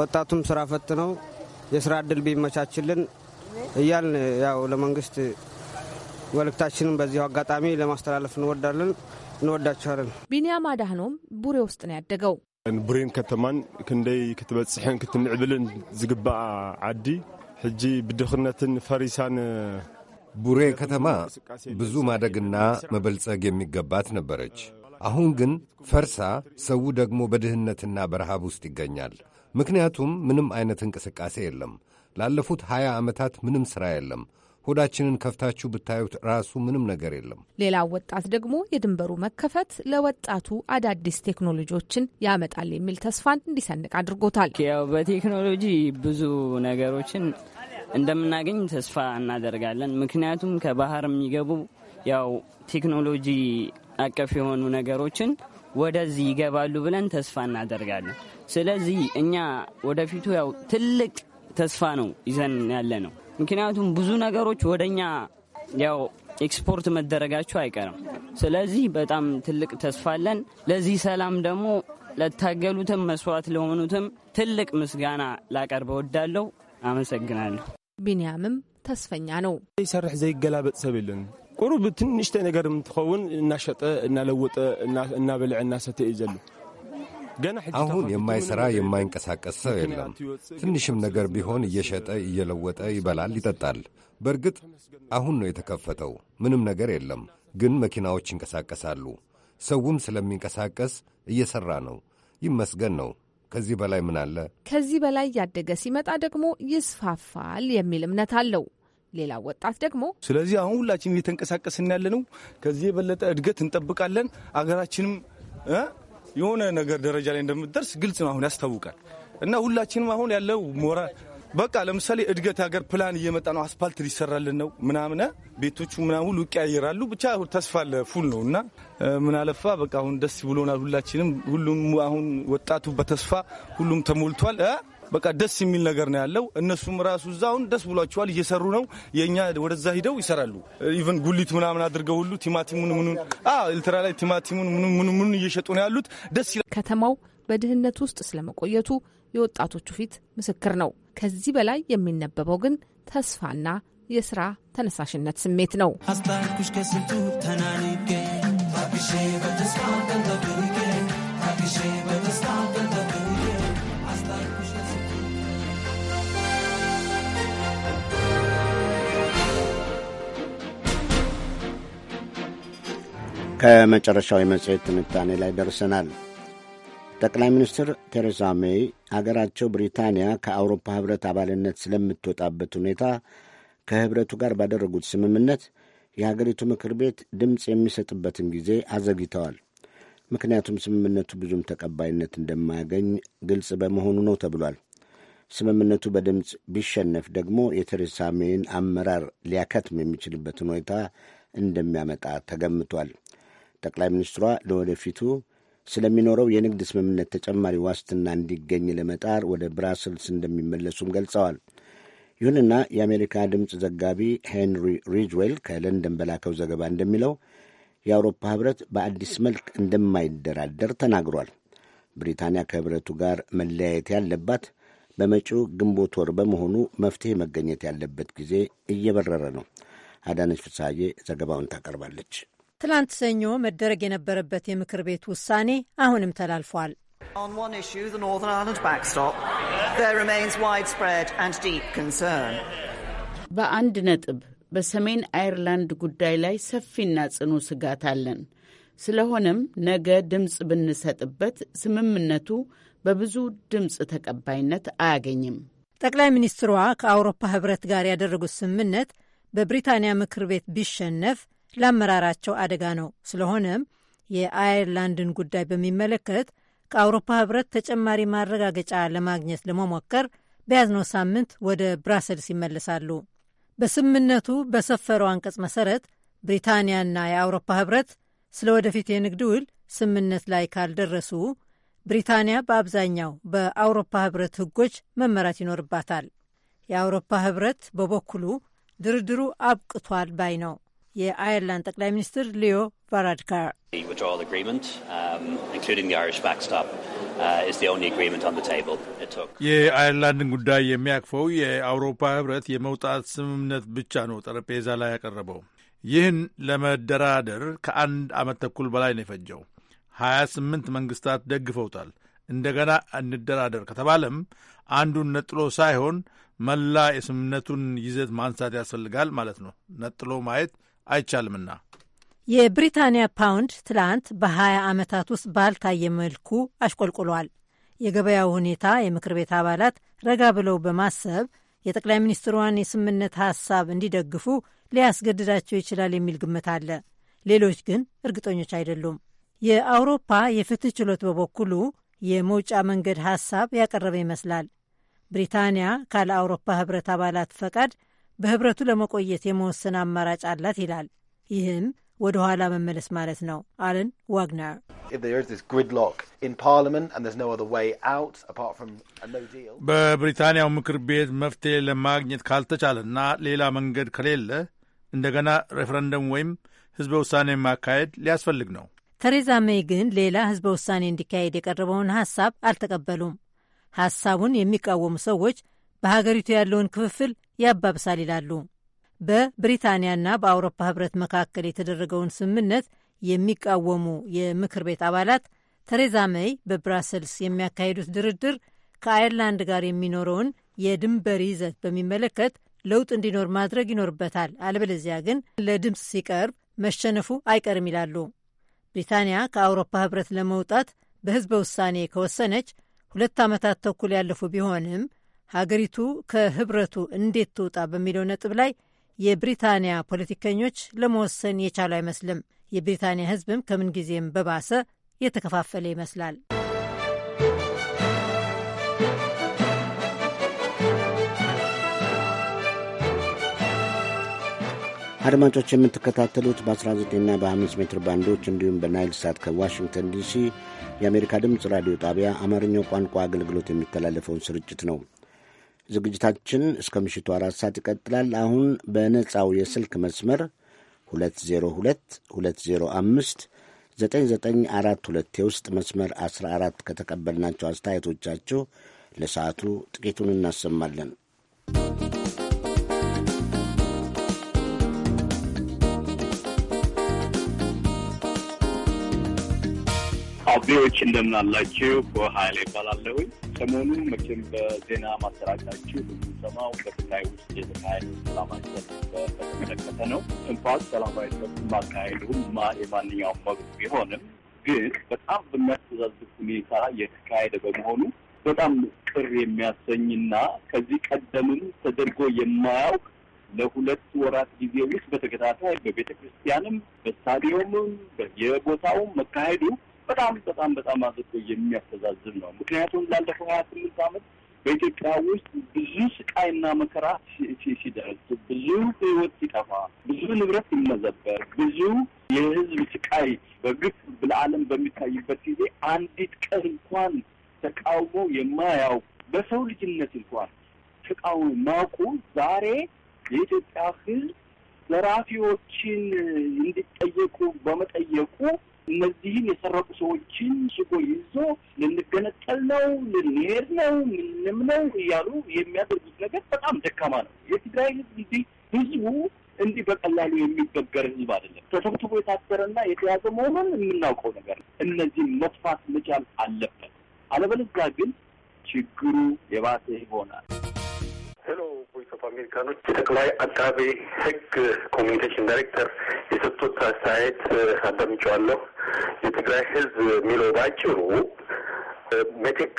ወጣቱም ስራ ፈት ነው፣ የስራ እድል ቢመቻችልን እያልን ያው ለመንግስት መልእክታችንን በዚሁ አጋጣሚ ለማስተላለፍ እንወዳለን። እንወዳቸዋለን። ቢንያም አዳህኖም ቡሬ ውስጥ ነው ያደገው። ቡሬን ከተማን ክንደይ ክትበፅሕን ክትምዕብልን ዝግባአ ዓዲ ሕጂ ብድኽነትን ፈሪሳን ቡሬ ከተማ ብዙ ማደግና መበልጸግ የሚገባት ነበረች። አሁን ግን ፈርሳ ሰው ደግሞ በድህነትና በረሃብ ውስጥ ይገኛል። ምክንያቱም ምንም አይነት እንቅስቃሴ የለም። ላለፉት ሀያ ዓመታት ምንም ሥራ የለም። ሆዳችንን ከፍታችሁ ብታዩት ራሱ ምንም ነገር የለም። ሌላው ወጣት ደግሞ የድንበሩ መከፈት ለወጣቱ አዳዲስ ቴክኖሎጂዎችን ያመጣል የሚል ተስፋን እንዲሰንቅ አድርጎታል። ያው በቴክኖሎጂ ብዙ ነገሮችን እንደምናገኝ ተስፋ እናደርጋለን። ምክንያቱም ከባህር የሚገቡ ያው ቴክኖሎጂ አቀፍ የሆኑ ነገሮችን ወደዚህ ይገባሉ ብለን ተስፋ እናደርጋለን። ስለዚህ እኛ ወደፊቱ ያው ትልቅ ተስፋ ነው ይዘን ያለ ነው። ምክንያቱም ብዙ ነገሮች ወደኛ ያው ኤክስፖርት መደረጋቸው አይቀርም። ስለዚህ በጣም ትልቅ ተስፋ አለን። ለዚህ ሰላም ደግሞ ለታገሉትም መስዋዕት ለሆኑትም ትልቅ ምስጋና ላቀርብ እወዳለሁ። አመሰግናለሁ። ቢንያምም ተስፈኛ ነው። ይሰርሕ ዘይገላበጥ ሰብ የለን ቁሩ ብትንእሽተ ነገር ምትኸውን እናሸጠ እናለውጠ እናበልዐ እናሰተ እዩ ዘሎ አሁን የማይሠራ የማይንቀሳቀስ ሰው የለም። ትንሽም ነገር ቢሆን እየሸጠ እየለወጠ ይበላል፣ ይጠጣል። በእርግጥ አሁን ነው የተከፈተው፣ ምንም ነገር የለም፣ ግን መኪናዎች ይንቀሳቀሳሉ። ሰውም ስለሚንቀሳቀስ እየሠራ ነው። ይመስገን ነው። ከዚህ በላይ ምን አለ? ከዚህ በላይ ያደገ ሲመጣ ደግሞ ይስፋፋል የሚል እምነት አለው ሌላ ወጣት ደግሞ ስለዚህ አሁን ሁላችንም እየተንቀሳቀስን ያለ ነው። ከዚህ የበለጠ እድገት እንጠብቃለን። አገራችንም የሆነ ነገር ደረጃ ላይ እንደምትደርስ ግልጽ ነው አሁን ያስታውቃል። እና ሁላችንም አሁን ያለው ሞራል በቃ ለምሳሌ እድገት ሀገር ፕላን እየመጣ ነው። አስፓልት ሊሰራልን ነው ምናምነ ቤቶቹ ምናምን ሁሉ ይቀያየራሉ። ብቻ ተስፋ አለ ፉል ነው እና ምናለፋ በቃ አሁን ደስ ብሎናል። ሁላችንም ሁሉም አሁን ወጣቱ በተስፋ ሁሉም ተሞልቷል። በቃ ደስ የሚል ነገር ነው ያለው። እነሱም ራሱ እዛ አሁን ደስ ብሏቸዋል፣ እየሰሩ ነው። የእኛ ወደዛ ሂደው ይሰራሉ። ኢቨን ጉሊት ምናምን አድርገው ሁሉ ቲማቲሙን ምኑን ኤልትራ ላይ ቲማቲሙን ምኑን ምኑን እየሸጡ ነው ያሉት። ደስ ይላል። ከተማው በድህነት ውስጥ ስለመቆየቱ የወጣቶቹ ፊት ምስክር ነው። ከዚህ በላይ የሚነበበው ግን ተስፋና የስራ ተነሳሽነት ስሜት ነው። አስታኩሽ ከስንቱ ተናንጌ ታግሼ በተስፋ ቀንጠብቄ ታግሼ ከመጨረሻው የመጽሔት ትንታኔ ላይ ደርሰናል። ጠቅላይ ሚኒስትር ቴሬሳ ሜይ አገራቸው ብሪታንያ ከአውሮፓ ኅብረት አባልነት ስለምትወጣበት ሁኔታ ከኅብረቱ ጋር ባደረጉት ስምምነት የሀገሪቱ ምክር ቤት ድምፅ የሚሰጥበትን ጊዜ አዘግይተዋል። ምክንያቱም ስምምነቱ ብዙም ተቀባይነት እንደማያገኝ ግልጽ በመሆኑ ነው ተብሏል። ስምምነቱ በድምፅ ቢሸነፍ ደግሞ የቴሬሳ ሜይን አመራር ሊያከትም የሚችልበትን ሁኔታ እንደሚያመጣ ተገምቷል። ጠቅላይ ሚኒስትሯ ለወደፊቱ ስለሚኖረው የንግድ ስምምነት ተጨማሪ ዋስትና እንዲገኝ ለመጣር ወደ ብራስልስ እንደሚመለሱም ገልጸዋል። ይሁንና የአሜሪካ ድምፅ ዘጋቢ ሄንሪ ሪጅዌል ከለንደን በላከው ዘገባ እንደሚለው የአውሮፓ ህብረት በአዲስ መልክ እንደማይደራደር ተናግሯል። ብሪታንያ ከህብረቱ ጋር መለያየት ያለባት በመጪው ግንቦት ወር በመሆኑ መፍትሄ መገኘት ያለበት ጊዜ እየበረረ ነው። አዳነች ፍሳዬ ዘገባውን ታቀርባለች። ትላንት ሰኞ መደረግ የነበረበት የምክር ቤት ውሳኔ አሁንም ተላልፏል። በአንድ ነጥብ በሰሜን አይርላንድ ጉዳይ ላይ ሰፊና ጽኑ ስጋት አለን። ስለሆነም ነገ ድምፅ ብንሰጥበት ስምምነቱ በብዙ ድምፅ ተቀባይነት አያገኝም። ጠቅላይ ሚኒስትሯ ከአውሮፓ ሕብረት ጋር ያደረጉት ስምምነት በብሪታንያ ምክር ቤት ቢሸነፍ ለአመራራቸው አደጋ ነው። ስለሆነም የአየርላንድን ጉዳይ በሚመለከት ከአውሮፓ ህብረት ተጨማሪ ማረጋገጫ ለማግኘት ለመሞከር በያዝነው ሳምንት ወደ ብራሰልስ ይመለሳሉ። በስምምነቱ በሰፈረው አንቀጽ መሰረት ብሪታንያና የአውሮፓ ህብረት ስለ ወደፊት የንግድ ውል ስምምነት ላይ ካልደረሱ ብሪታንያ በአብዛኛው በአውሮፓ ህብረት ህጎች መመራት ይኖርባታል። የአውሮፓ ህብረት በበኩሉ ድርድሩ አብቅቷል ባይ ነው። የአየርላንድ ጠቅላይ ሚኒስትር ሊዮ ቫራድካር um, uh, የአየርላንድን ጉዳይ የሚያቅፈው የአውሮፓ ህብረት የመውጣት ስምምነት ብቻ ነው ጠረጴዛ ላይ ያቀረበው። ይህን ለመደራደር ከአንድ ዓመት ተኩል በላይ ነው የፈጀው። ሀያ ስምንት መንግስታት ደግፈውታል። እንደገና እንደራደር ከተባለም አንዱን ነጥሎ ሳይሆን መላ የስምምነቱን ይዘት ማንሳት ያስፈልጋል ማለት ነው። ነጥሎ ማየት አይቻልምና። የብሪታንያ ፓውንድ ትላንት በ20 ዓመታት ውስጥ ባልታየ መልኩ አሽቆልቁሏል። የገበያው ሁኔታ የምክር ቤት አባላት ረጋ ብለው በማሰብ የጠቅላይ ሚኒስትሯን የስምምነት ሐሳብ እንዲደግፉ ሊያስገድዳቸው ይችላል የሚል ግምት አለ። ሌሎች ግን እርግጠኞች አይደሉም። የአውሮፓ የፍትህ ችሎት በበኩሉ የመውጫ መንገድ ሐሳብ ያቀረበ ይመስላል። ብሪታንያ ካለ አውሮፓ ህብረት አባላት ፈቃድ በህብረቱ ለመቆየት የመወሰን አማራጭ አላት ይላል። ይህም ወደ ኋላ መመለስ ማለት ነው። አለን ዋግነር በብሪታንያው ምክር ቤት መፍትሄ ለማግኘት ካልተቻለና ሌላ መንገድ ከሌለ እንደገና ሬፈረንደም ወይም ህዝበ ውሳኔ ማካሄድ ሊያስፈልግ ነው። ተሬዛ ሜይ ግን ሌላ ህዝበ ውሳኔ እንዲካሄድ የቀረበውን ሀሳብ አልተቀበሉም። ሀሳቡን የሚቃወሙ ሰዎች በሀገሪቱ ያለውን ክፍፍል ያባብሳል ይላሉ። በብሪታንያና በአውሮፓ ህብረት መካከል የተደረገውን ስምምነት የሚቃወሙ የምክር ቤት አባላት ተሬዛ መይ በብራሰልስ የሚያካሂዱት ድርድር ከአየርላንድ ጋር የሚኖረውን የድንበር ይዘት በሚመለከት ለውጥ እንዲኖር ማድረግ ይኖርበታል፣ አለበለዚያ ግን ለድምፅ ሲቀርብ መሸነፉ አይቀርም ይላሉ። ብሪታንያ ከአውሮፓ ህብረት ለመውጣት በህዝበ ውሳኔ ከወሰነች ሁለት ዓመታት ተኩል ያለፉ ቢሆንም ሀገሪቱ ከህብረቱ እንዴት ትውጣ በሚለው ነጥብ ላይ የብሪታንያ ፖለቲከኞች ለመወሰን የቻሉ አይመስልም። የብሪታንያ ህዝብም ከምን ጊዜም በባሰ የተከፋፈለ ይመስላል። አድማጮች የምትከታተሉት በ19ና በ5 ሜትር ባንዶች እንዲሁም በናይል ሳት ከዋሽንግተን ዲሲ የአሜሪካ ድምፅ ራዲዮ ጣቢያ አማርኛው ቋንቋ አገልግሎት የሚተላለፈውን ስርጭት ነው። ዝግጅታችን እስከ ምሽቱ አራት ሰዓት ይቀጥላል። አሁን በነጻው የስልክ መስመር 2022059942 የውስጥ መስመር 14 ከተቀበልናቸው አስተያየቶቻችሁ ለሰዓቱ ጥቂቱን እናሰማለን። አቤዎች እንደምን አላችሁ? ሀይሌ ይባላለሁ። ሰሞኑን መቼም በዜና ማሰራጫችሁ ሰማው በትግራይ ውስጥ የተካሄዱ ሰላማዊ ሰልፍ በተመለከተ ነው። እንኳን ሰላማዊ ሰልፍ ማካሄዱም ማ የማንኛውም መብት ቢሆንም ግን በጣም በሚያስተዛዝብ ሁኔታ የተካሄደ በመሆኑ በጣም ቅር የሚያሰኝና ከዚህ ቀደምም ተደርጎ የማያውቅ ለሁለት ወራት ጊዜ ውስጥ በተከታታይ በቤተ ክርስቲያንም በስታዲየምም በየቦታውም መካሄዱ በጣም በጣም በጣም አድርጎ የሚያስተዛዝብ ነው። ምክንያቱም ላለፈው ሀያ ስምንት አመት በኢትዮጵያ ውስጥ ብዙ ስቃይና መከራ ሲደርስ፣ ብዙ ህይወት ሲጠፋ፣ ብዙ ንብረት ሲመዘበር፣ ብዙ የህዝብ ስቃይ በግፍ ብለአለም በሚታይበት ጊዜ አንዲት ቀን እንኳን ተቃውሞ የማያው በሰው ልጅነት እንኳን ተቃውሞ ማውቁ ዛሬ የኢትዮጵያ ህዝብ ዘራፊዎችን እንዲጠየቁ በመጠየቁ እነዚህን የሰረቁ ሰዎችን ሽጎ ይዞ ልንገነጠል ነው፣ ልንሄድ ነው፣ ምንም ነው እያሉ የሚያደርጉት ነገር በጣም ደካማ ነው። የትግራይ ህዝብ እንዲህ ህዝቡ እንዲህ በቀላሉ የሚበገር ህዝብ አይደለም። ተተብትቦ የታሰረና የተያዘ መሆኑን የምናውቀው ነገር ነው። እነዚህም መጥፋት መቻል አለበት። አለበለዚያ ግን ችግሩ የባሰ ይሆናል። ሄሎ ቮይስ ኦፍ አሜሪካኖች ጠቅላይ አቃቤ ሕግ ኮሚኒኬሽን ዳይሬክተር የሰጡት አስተያየት አዳምጫዋለሁ። የትግራይ ሕዝብ የሚለው ባጭሩ ሜቴክ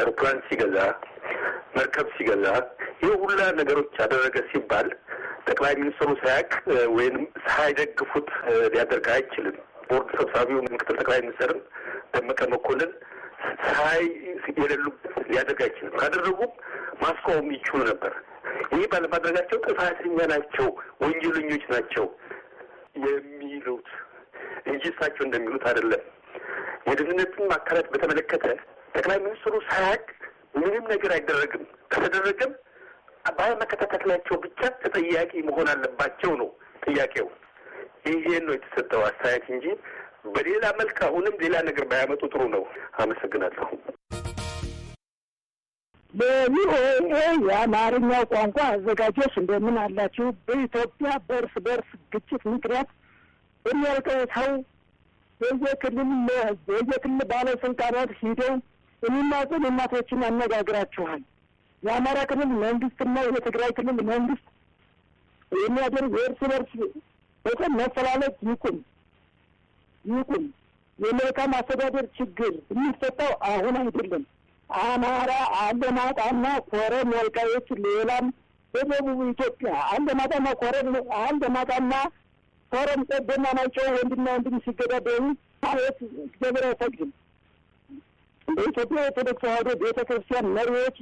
አውሮፕላን ሲገዛ መርከብ ሲገዛ ይህ ሁላ ነገሮች አደረገ ሲባል ጠቅላይ ሚኒስትሩ ሳያውቅ ወይም ሳይደግፉት ሊያደርግ አይችልም። ቦርድ ሰብሳቢው ምክትል ጠቅላይ ሚኒስትርም ደመቀ መኮንን ሳይ የሌሉበት ሊያደርግ አይችልም። ካደረጉም ማስቆም ይችሉ ነበር። ይህ ባለማድረጋቸው ጥፋተኛ ናቸው፣ ወንጀለኞች ናቸው የሚሉት እንጂ እሳቸው እንደሚሉት አይደለም። የደህንነትን ማካላት በተመለከተ ጠቅላይ ሚኒስትሩ ሳያቅ ምንም ነገር አይደረግም። ከተደረገም ባለመከታተላቸው ብቻ ተጠያቂ መሆን አለባቸው ነው ጥያቄው። ይሄን ነው የተሰጠው አስተያየት እንጂ በሌላ መልክ አሁንም ሌላ ነገር ባያመጡ ጥሩ ነው። አመሰግናለሁ። በቪኦኤ የአማርኛው ቋንቋ አዘጋጆች እንደምን አላችሁ? በኢትዮጵያ በእርስ በርስ ግጭት ምክንያት በሚያልቀሰው የየክልል የየክልል ባለስልጣናት ሂደው የሚማጽን እናቶችን ያነጋግራችኋል። የአማራ ክልል መንግስትና የትግራይ ክልል መንግስት የሚያደርግ የእርስ በርስ በጣም መፈላለግ ይቁም ይቁም። የመልካም አስተዳደር ችግር የሚፈታው አሁን አይደለም። አማራ፣ አለማጣና ኮረም፣ ወልቃይት፣ ሌላም በደቡብ ኢትዮጵያ አለማጣና ኮረም አለማጣና ኮረም ጠበና ናቸው። ወንድና ወንድም ሲገዳደሩ ማየት እግዚአብሔር አይፈቅድም። በኢትዮጵያ ኦርቶዶክስ ተዋህዶ ቤተ ክርስቲያን መሪዎች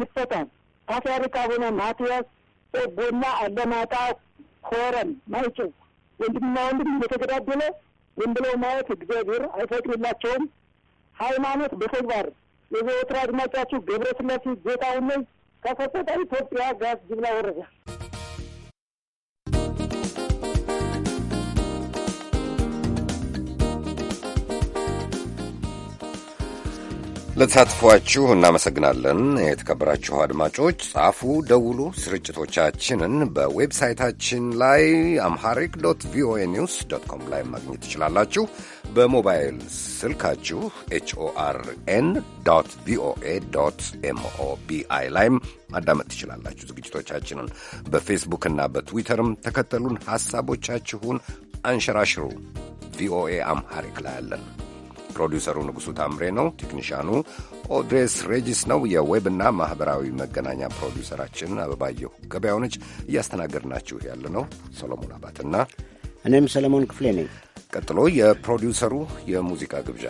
ይፈታል። ፓትርያርክ አቡነ ማትያስ ጦቦና አለማጣ ኮረም ናቸው። ወንድምና ወንድም እየተገዳደለ ዝም ብለው ማየት እግዚአብሔር አይፈቅድላቸውም። ሃይማኖት በተግባር የዘወትር አድማጫችሁ ገብረስላሴ ጌታሁን ነኝ ከሰቆጣ ኢትዮጵያ ጋዝ ጅብላ ወረዳ ለተሳትፏችሁ እናመሰግናለን። የተከበራችሁ አድማጮች ጻፉ፣ ደውሉ። ስርጭቶቻችንን በዌብሳይታችን ላይ አምሃሪክ ዶት ቪኦኤ ኒውስ ዶት ኮም ላይ ማግኘት ትችላላችሁ። በሞባይል ስልካችሁ ኤችኦአርኤን ዶት ቪኦኤ ዶት ላይም ማዳመጥ ትችላላችሁ። ዝግጅቶቻችንን በፌስቡክና በትዊተርም ተከተሉን። ሐሳቦቻችሁን አንሸራሽሩ። ቪኦኤ አምሃሪክ ላይ አለን። ፕሮዲውሰሩ ንጉሡ ታምሬ ነው። ቴክኒሻኑ ኦድሬስ ሬጂስ ነው። የዌብና ማኅበራዊ መገናኛ ፕሮዲውሰራችን አበባየሁ ገበያው ነች። እያስተናገድናችሁ ያለ ነው ሰሎሞን አባትና እኔም ሰለሞን ክፍሌ ነኝ። ቀጥሎ የፕሮዲውሰሩ የሙዚቃ ግብዣ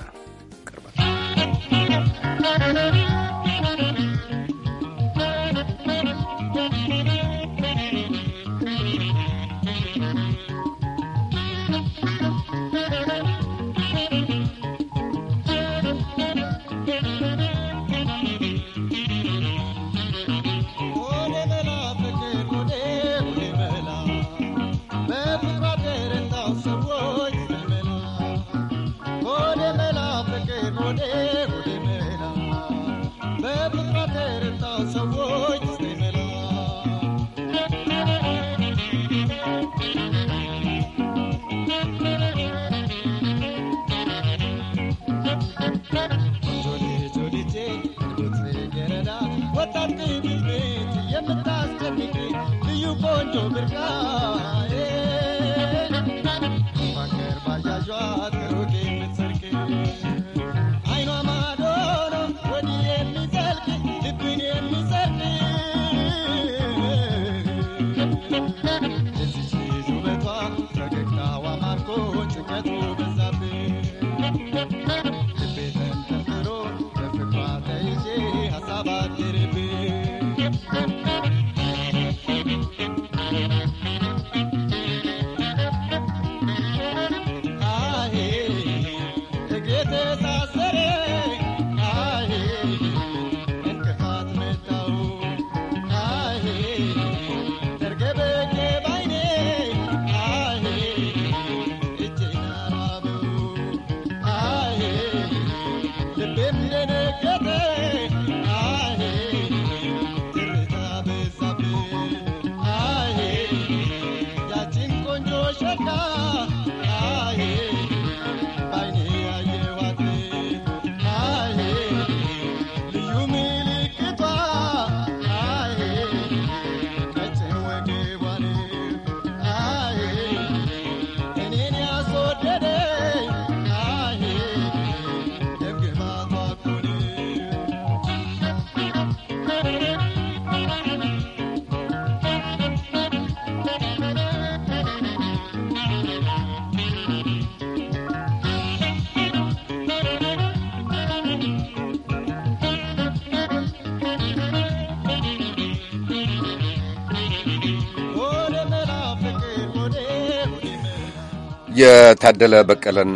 የታደለ በቀለን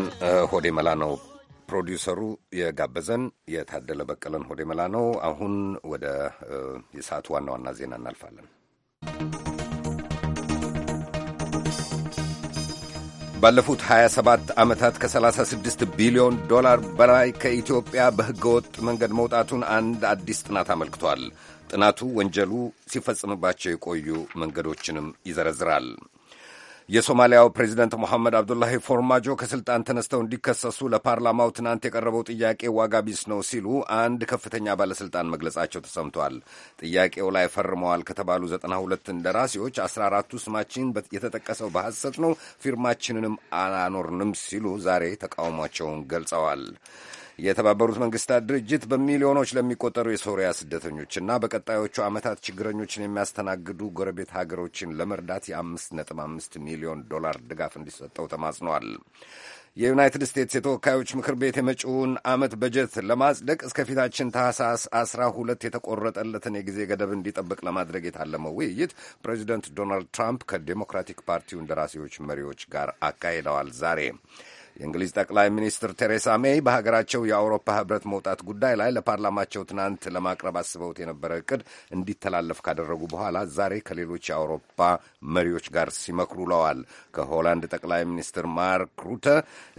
ሆዴ መላ ነው ፕሮዲውሰሩ የጋበዘን። የታደለ በቀለን ሆዴ መላ ነው። አሁን ወደ የሰዓቱ ዋና ዋና ዜና እናልፋለን። ባለፉት 27 ዓመታት ከ36 ቢሊዮን ዶላር በላይ ከኢትዮጵያ ወጥ መንገድ መውጣቱን አንድ አዲስ ጥናት አመልክቷል። ጥናቱ ወንጀሉ ሲፈጽምባቸው የቆዩ መንገዶችንም ይዘረዝራል። የሶማሊያው ፕሬዚደንት ሞሐመድ አብዱላሂ ፎርማጆ ከስልጣን ተነስተው እንዲከሰሱ ለፓርላማው ትናንት የቀረበው ጥያቄ ዋጋ ቢስ ነው ሲሉ አንድ ከፍተኛ ባለስልጣን መግለጻቸው ተሰምቷል። ጥያቄው ላይ ፈርመዋል ከተባሉ ዘጠና ሁለት እንደራሴዎች አስራ አራቱ ስማችን የተጠቀሰው በሐሰት ነው፣ ፊርማችንንም አላኖርንም ሲሉ ዛሬ ተቃውሟቸውን ገልጸዋል። የተባበሩት መንግስታት ድርጅት በሚሊዮኖች ለሚቆጠሩ የሶሪያ ስደተኞችና በቀጣዮቹ ዓመታት ችግረኞችን የሚያስተናግዱ ጎረቤት ሀገሮችን ለመርዳት የአምስት ነጥብ አምስት ሚሊዮን ዶላር ድጋፍ እንዲሰጠው ተማጽኗል። የዩናይትድ ስቴትስ የተወካዮች ምክር ቤት የመጪውን ዓመት በጀት ለማጽደቅ እስከፊታችን ታህሳስ አስራ ሁለት የተቆረጠለትን የጊዜ ገደብ እንዲጠብቅ ለማድረግ የታለመው ውይይት ፕሬዚደንት ዶናልድ ትራምፕ ከዴሞክራቲክ ፓርቲው እንደራሴዎች መሪዎች ጋር አካሂደዋል ዛሬ የእንግሊዝ ጠቅላይ ሚኒስትር ቴሬሳ ሜይ በሀገራቸው የአውሮፓ ህብረት መውጣት ጉዳይ ላይ ለፓርላማቸው ትናንት ለማቅረብ አስበውት የነበረ እቅድ እንዲተላለፍ ካደረጉ በኋላ ዛሬ ከሌሎች የአውሮፓ መሪዎች ጋር ሲመክሩ ውለዋል። ከሆላንድ ጠቅላይ ሚኒስትር ማርክ ሩተ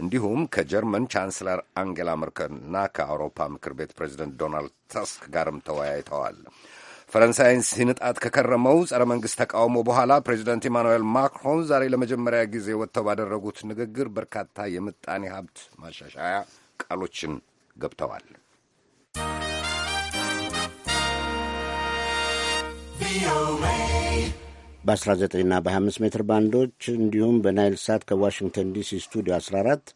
እንዲሁም ከጀርመን ቻንስለር አንጌላ መርከልና ከአውሮፓ ምክር ቤት ፕሬዚደንት ዶናልድ ተስክ ጋርም ተወያይተዋል። ፈረንሳይን ሲንጣት ከከረመው ጸረ መንግሥት ተቃውሞ በኋላ ፕሬዚደንት ኢማኑኤል ማክሮን ዛሬ ለመጀመሪያ ጊዜ ወጥተው ባደረጉት ንግግር በርካታ የምጣኔ ሀብት ማሻሻያ ቃሎችን ገብተዋል። በ19 እና በ25 ሜትር ባንዶች እንዲሁም በናይል ሳት ከዋሽንግተን ዲሲ ስቱዲዮ 14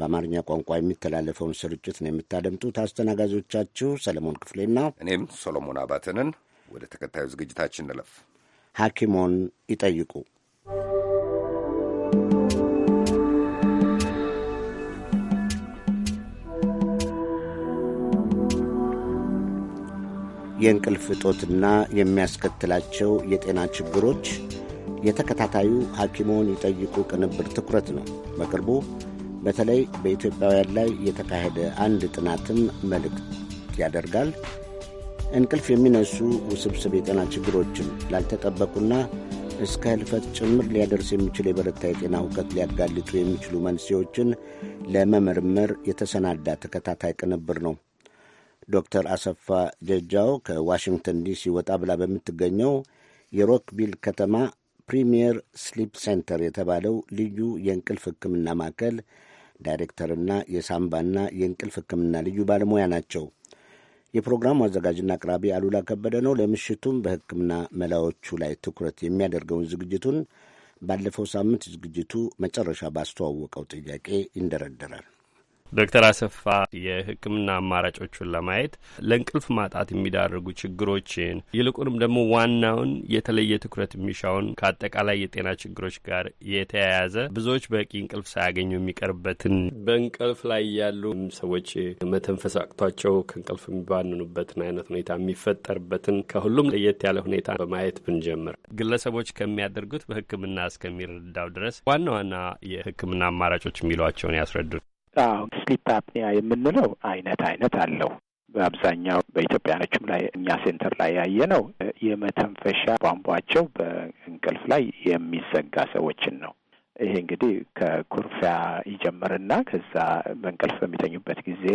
በአማርኛ ቋንቋ የሚተላለፈውን ስርጭት ነው የምታደምጡት። አስተናጋጆቻችሁ ሰለሞን ክፍሌና እኔም ሶሎሞን አባተንን። ወደ ተከታዩ ዝግጅታችን እንለፍ። ሐኪሞን ይጠይቁ የእንቅልፍ እጦትና የሚያስከትላቸው የጤና ችግሮች የተከታታዩ ሐኪሞን ይጠይቁ ቅንብር ትኩረት ነው። በቅርቡ በተለይ በኢትዮጵያውያን ላይ የተካሄደ አንድ ጥናትም መልእክት ያደርጋል። እንቅልፍ የሚነሱ ውስብስብ የጤና ችግሮችን ላልተጠበቁና እስከ ህልፈት ጭምር ሊያደርስ የሚችል የበረታ የጤና እውቀት ሊያጋልጡ የሚችሉ መንስኤዎችን ለመመርመር የተሰናዳ ተከታታይ ቅንብር ነው። ዶክተር አሰፋ ጀጃው ከዋሽንግተን ዲሲ ወጣ ብላ በምትገኘው የሮክቪል ከተማ ፕሪሚየር ስሊፕ ሴንተር የተባለው ልዩ የእንቅልፍ ሕክምና ማዕከል ዳይሬክተርና የሳምባና የእንቅልፍ ሕክምና ልዩ ባለሙያ ናቸው። የፕሮግራሙ አዘጋጅና አቅራቢ አሉላ ከበደ ነው። ለምሽቱም በሕክምና መላዎቹ ላይ ትኩረት የሚያደርገውን ዝግጅቱን ባለፈው ሳምንት ዝግጅቱ መጨረሻ ባስተዋወቀው ጥያቄ ይንደረደራል። ዶክተር አሰፋ የሕክምና አማራጮቹን ለማየት ለእንቅልፍ ማጣት የሚዳርጉ ችግሮችን ይልቁንም ደግሞ ዋናውን የተለየ ትኩረት የሚሻውን ከአጠቃላይ የጤና ችግሮች ጋር የተያያዘ ብዙዎች በቂ እንቅልፍ ሳያገኙ የሚቀርበትን በእንቅልፍ ላይ ያሉ ሰዎች መተንፈስ አቅቷቸው ከእንቅልፍ የሚባንኑበትን አይነት ሁኔታ የሚፈጠርበትን ከሁሉም ለየት ያለ ሁኔታ በማየት ብንጀምር ግለሰቦች ከሚያደርጉት በሕክምና እስከሚረዳው ድረስ ዋና ዋና የሕክምና አማራጮች የሚሏቸውን ያስረዱ። አዎ ስሊፕ አፕኒያ የምንለው አይነት አይነት አለው። በአብዛኛው በኢትዮጵያኖችም ላይ እኛ ሴንተር ላይ ያየ ነው። የመተንፈሻ ቧንቧቸው በእንቅልፍ ላይ የሚዘጋ ሰዎችን ነው። ይሄ እንግዲህ ከኩርፊያ ይጀምርና ከዛ በእንቅልፍ በሚተኙበት ጊዜ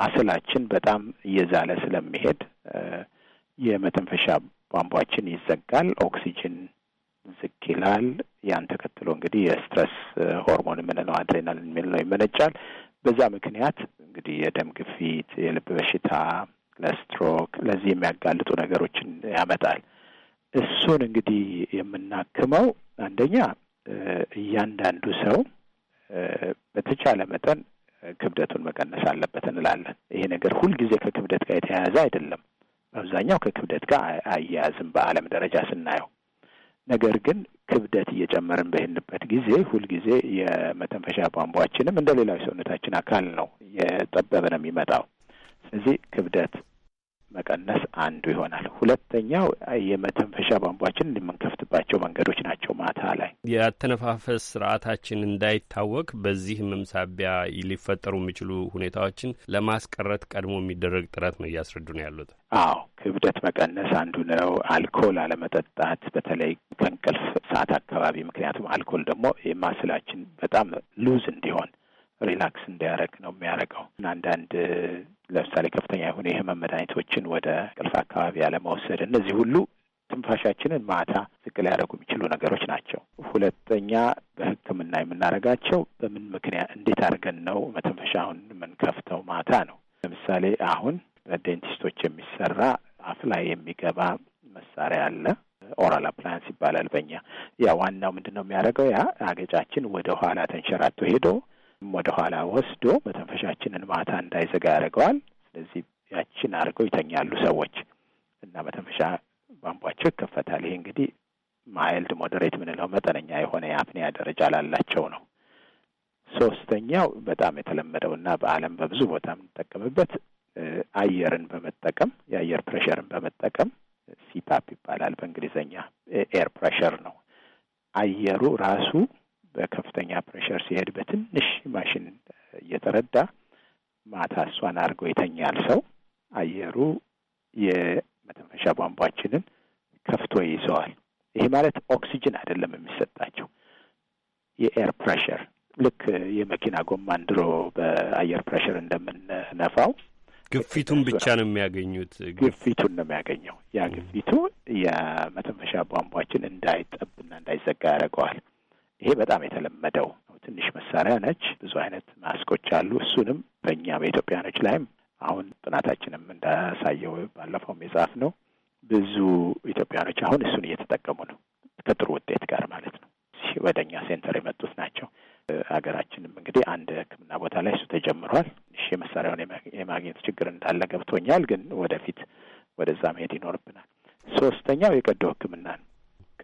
ማስላችን በጣም እየዛለ ስለሚሄድ የመተንፈሻ ቧንቧችን ይዘጋል። ኦክሲጅን ዝቅ ይላል። ያን ተከትሎ እንግዲህ የስትረስ ሆርሞን የምንለው አድሬናል ነው ይመነጫል። በዛ ምክንያት እንግዲህ የደም ግፊት፣ የልብ በሽታ፣ ለስትሮክ ለዚህ የሚያጋልጡ ነገሮችን ያመጣል። እሱን እንግዲህ የምናክመው አንደኛ እያንዳንዱ ሰው በተቻለ መጠን ክብደቱን መቀነስ አለበት እንላለን። ይሄ ነገር ሁልጊዜ ከክብደት ጋር የተያያዘ አይደለም። በአብዛኛው ከክብደት ጋር አያያዝም በዓለም ደረጃ ስናየው ነገር ግን ክብደት እየጨመርን በሄንበት ጊዜ ሁልጊዜ የመተንፈሻ ቧንቧችንም እንደ ሌላው ሰውነታችን አካል ነው የጠበበ ነው የሚመጣው። ስለዚህ ክብደት መቀነስ አንዱ ይሆናል። ሁለተኛው የመተንፈሻ ቧንቧችን የምንከፍትባቸው መንገዶች ናቸው። ማታ ላይ የአተነፋፈስ ስርዓታችን እንዳይታወክ በዚህ ህመም ሳቢያ ሊፈጠሩ የሚችሉ ሁኔታዎችን ለማስቀረት ቀድሞ የሚደረግ ጥረት ነው እያስረዱ ነው ያሉት። አዎ ክብደት መቀነስ አንዱ ነው። አልኮል አለመጠጣት በተለይ ከእንቅልፍ ሰዓት አካባቢ፣ ምክንያቱም አልኮል ደግሞ የማስላችን በጣም ሉዝ እንዲሆን ሪላክስ እንዲያደረግ ነው የሚያደርገው እና አንዳንድ ለምሳሌ ከፍተኛ የሆኑ የህመም መድኃኒቶችን ወደ ቅልፍ አካባቢ ያለመውሰድ እነዚህ ሁሉ ትንፋሻችንን ማታ ዝቅ ሊያደርጉ የሚችሉ ነገሮች ናቸው። ሁለተኛ በህክምና የምናደርጋቸው በምን ምክንያት እንዴት አድርገን ነው መተንፈሻውን የምንከፍተው ማታ ነው። ለምሳሌ አሁን በዴንቲስቶች የሚሰራ አፍ ላይ የሚገባ መሳሪያ አለ። ኦራል አፕላያንስ ይባላል በእኛ ያ ዋናው ምንድን ነው የሚያደርገው ያ አገጫችን ወደ ኋላ ተንሸራቶ ሄዶ ወደኋላ ወስዶ መተንፈሻችንን ማታ እንዳይዘጋ ያደርገዋል። ስለዚህ ያችን አድርገው ይተኛሉ ሰዎች እና መተንፈሻ ቧንቧቸው ይከፈታል። ይሄ እንግዲህ ማይልድ ሞዴሬት የምንለው መጠነኛ የሆነ የአፕኒያ ደረጃ ላላቸው ነው። ሶስተኛው በጣም የተለመደው እና በዓለም በብዙ ቦታ የምንጠቀምበት አየርን በመጠቀም የአየር ፕሬሸርን በመጠቀም ሲፓፕ ይባላል በእንግሊዝኛ ኤር ፕሬሸር ነው። አየሩ ራሱ በከፍተኛ ፕሬሸር ሲሄድ በትንሽ ማሽን እየተረዳ ማታ እሷን አድርጎ ይተኛል ሰው። አየሩ የመተንፈሻ ቧንቧችንን ከፍቶ ይዘዋል። ይሄ ማለት ኦክሲጅን አይደለም የሚሰጣቸው የኤር ፕሬሸር ልክ የመኪና ጎማን ድሮ በአየር ፕሬሸር እንደምንነፋው ግፊቱን ብቻ ነው የሚያገኙት። ግፊቱን ነው የሚያገኘው። ያ ግፊቱ የመተንፈሻ ቧንቧችን እንዳይጠብና እንዳይዘጋ ያደርገዋል። ይሄ በጣም የተለመደው ትንሽ መሳሪያ ነች። ብዙ አይነት ማስኮች አሉ። እሱንም በእኛ በኢትዮጵያኖች ላይም አሁን ጥናታችንም እንዳሳየው ባለፈው የጻፍ ነው ብዙ ኢትዮጵያኖች አሁን እሱን እየተጠቀሙ ነው ከጥሩ ውጤት ጋር ማለት ነው። ወደ እኛ ሴንተር የመጡት ናቸው። ሀገራችንም እንግዲህ አንድ ሕክምና ቦታ ላይ እሱ ተጀምሯል። እሺ የመሳሪያውን የማግኘት ችግር እንዳለ ገብቶኛል፣ ግን ወደፊት ወደዛ መሄድ ይኖርብናል። ሶስተኛው የቀዶ ሕክምና ነው።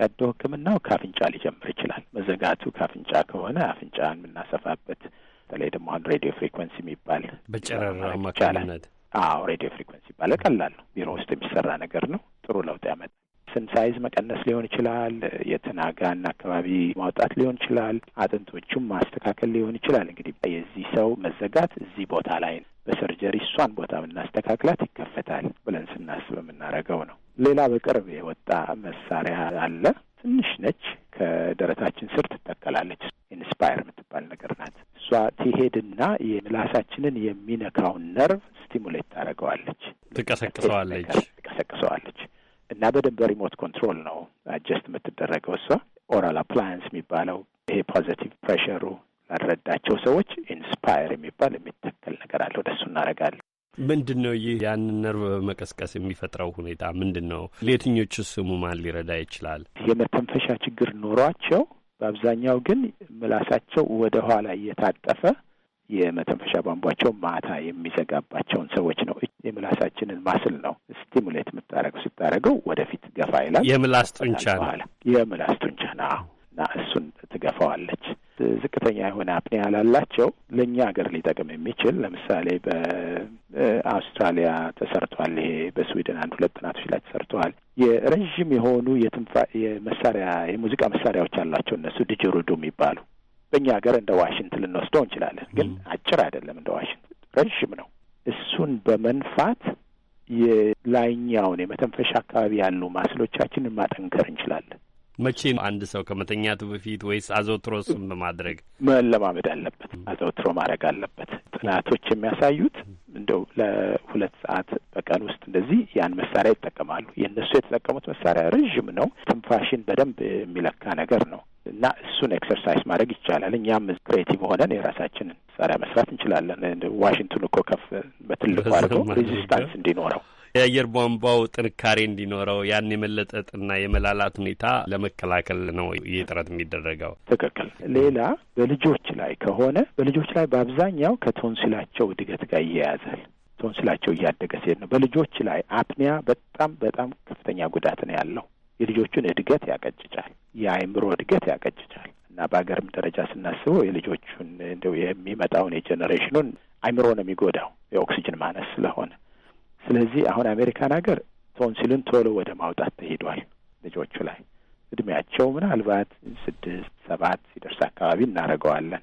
ቀዶ ህክምናው ከአፍንጫ ሊጀምር ይችላል። መዘጋቱ ከአፍንጫ ከሆነ አፍንጫ የምናሰፋበት በተለይ ደግሞ አሁን ሬዲዮ ፍሪኮንሲ የሚባል በጨረራ አማካኝነት አዎ ሬዲዮ ፍሪኮንሲ ይባላል። ቀላል ነው። ቢሮ ውስጥ የሚሰራ ነገር ነው። ጥሩ ለውጥ ያመጣል። ስንሳይዝ መቀነስ ሊሆን ይችላል። የትናጋን አካባቢ ማውጣት ሊሆን ይችላል። አጥንቶቹም ማስተካከል ሊሆን ይችላል። እንግዲህ የዚህ ሰው መዘጋት እዚህ ቦታ ላይ በሰርጀሪ እሷን ቦታ ብናስተካክላት ይከፈታል ብለን ስናስብ የምናደርገው ነው። ሌላ በቅርብ የወጣ መሳሪያ አለ። ትንሽ ነች። ከደረታችን ስር ትተከላለች። ኢንስፓየር የምትባል ነገር ናት። እሷ ትሄድና የምላሳችንን የሚነካውን ነርቭ ስቲሙሌት ታደርገዋለች፣ ትቀሰቅሰዋለች፣ ትቀሰቅሰዋለች እና በደንብ ሪሞት ኮንትሮል ነው አጀስት የምትደረገው እሷ። ኦራል አፕላያንስ የሚባለው ይሄ ፖዘቲቭ ፕሬሸሩ ላልረዳቸው ሰዎች ኢንስፓየር የሚባል የሚተከል ነገር አለ። ወደሱ እናደርጋለን። ምንድን ነው ይህ ያንን ነርቭ በመቀስቀስ የሚፈጥረው ሁኔታ ምንድን ነው? ለየትኞቹ ማን ሊረዳ ይችላል? የመተንፈሻ ችግር ኖሯቸው በአብዛኛው ግን ምላሳቸው ወደ ኋላ እየታጠፈ የመተንፈሻ ቧንቧቸው ማታ የሚዘጋባቸውን ሰዎች ነው። የምላሳችንን ማስል ነው ስቲሙሌት የምታደረገው ስታደረገው ወደፊት ገፋ ይላል። የምላስ ጡንቻ በኋላ የምላስ ጡንቻ ና እና እሱን ትገፋዋለች። ዝቅተኛ የሆነ አፕኒያ ላላቸው ለእኛ ሀገር ሊጠቅም የሚችል ለምሳሌ በአውስትራሊያ ተሰርቷል። ይሄ በስዊድን አንድ ሁለት ጥናቶች ላይ ተሰርተዋል። የረዥም የሆኑ የትንፋ የመሳሪያ የሙዚቃ መሳሪያዎች አሏቸው እነሱ ድጅሩዱ የሚባሉ በእኛ ሀገር እንደ ዋሽንት ልንወስደው እንችላለን፣ ግን አጭር አይደለም። እንደ ዋሽንት ረዥም ነው። እሱን በመንፋት የላይኛውን የመተንፈሻ አካባቢ ያሉ ማስሎቻችንን ማጠንከር እንችላለን። መቼ አንድ ሰው ከመተኛቱ በፊት ወይስ አዘውትሮ? እሱን በማድረግ መለማመድ አለበት፣ አዘውትሮ ማድረግ አለበት። ጥናቶች የሚያሳዩት እንደው ለሁለት ሰዓት በቀን ውስጥ እንደዚህ ያን መሳሪያ ይጠቀማሉ። የእነሱ የተጠቀሙት መሳሪያ ረዥም ነው። ትንፋሽን በደንብ የሚለካ ነገር ነው። እና እሱን ኤክሰርሳይዝ ማድረግ ይቻላል። እኛም ክሬቲቭ ሆነን የራሳችንን መሳሪያ መስራት እንችላለን። ዋሽንግቶን እኮ ከፍ በትልቁ አድርገው ሬዚስታንስ እንዲኖረው የአየር ቧንቧው ጥንካሬ እንዲኖረው ያን የመለጠጥና የመላላት ሁኔታ ለመከላከል ነው ይህ ጥረት የሚደረገው። ትክክል። ሌላ በልጆች ላይ ከሆነ በልጆች ላይ በአብዛኛው ከቶንሲላቸው እድገት ጋር ይያያዛል። ቶንሲላቸው እያደገ ሲሄድ ነው። በልጆች ላይ አፕኒያ በጣም በጣም ከፍተኛ ጉዳት ነው ያለው። የልጆቹን እድገት ያቀጭጫል፣ የአእምሮ እድገት ያቀጭጫል እና በሀገርም ደረጃ ስናስበው የልጆቹን እንደው የሚመጣውን የጀኔሬሽኑን አእምሮ ነው የሚጎዳው የኦክሲጅን ማነስ ስለሆነ። ስለዚህ አሁን አሜሪካን ሀገር ቶንሲልን ቶሎ ወደ ማውጣት ተሄዷል ልጆቹ ላይ እድሜያቸው ምናልባት ስድስት ሰባት ሲደርስ አካባቢ እናደርገዋለን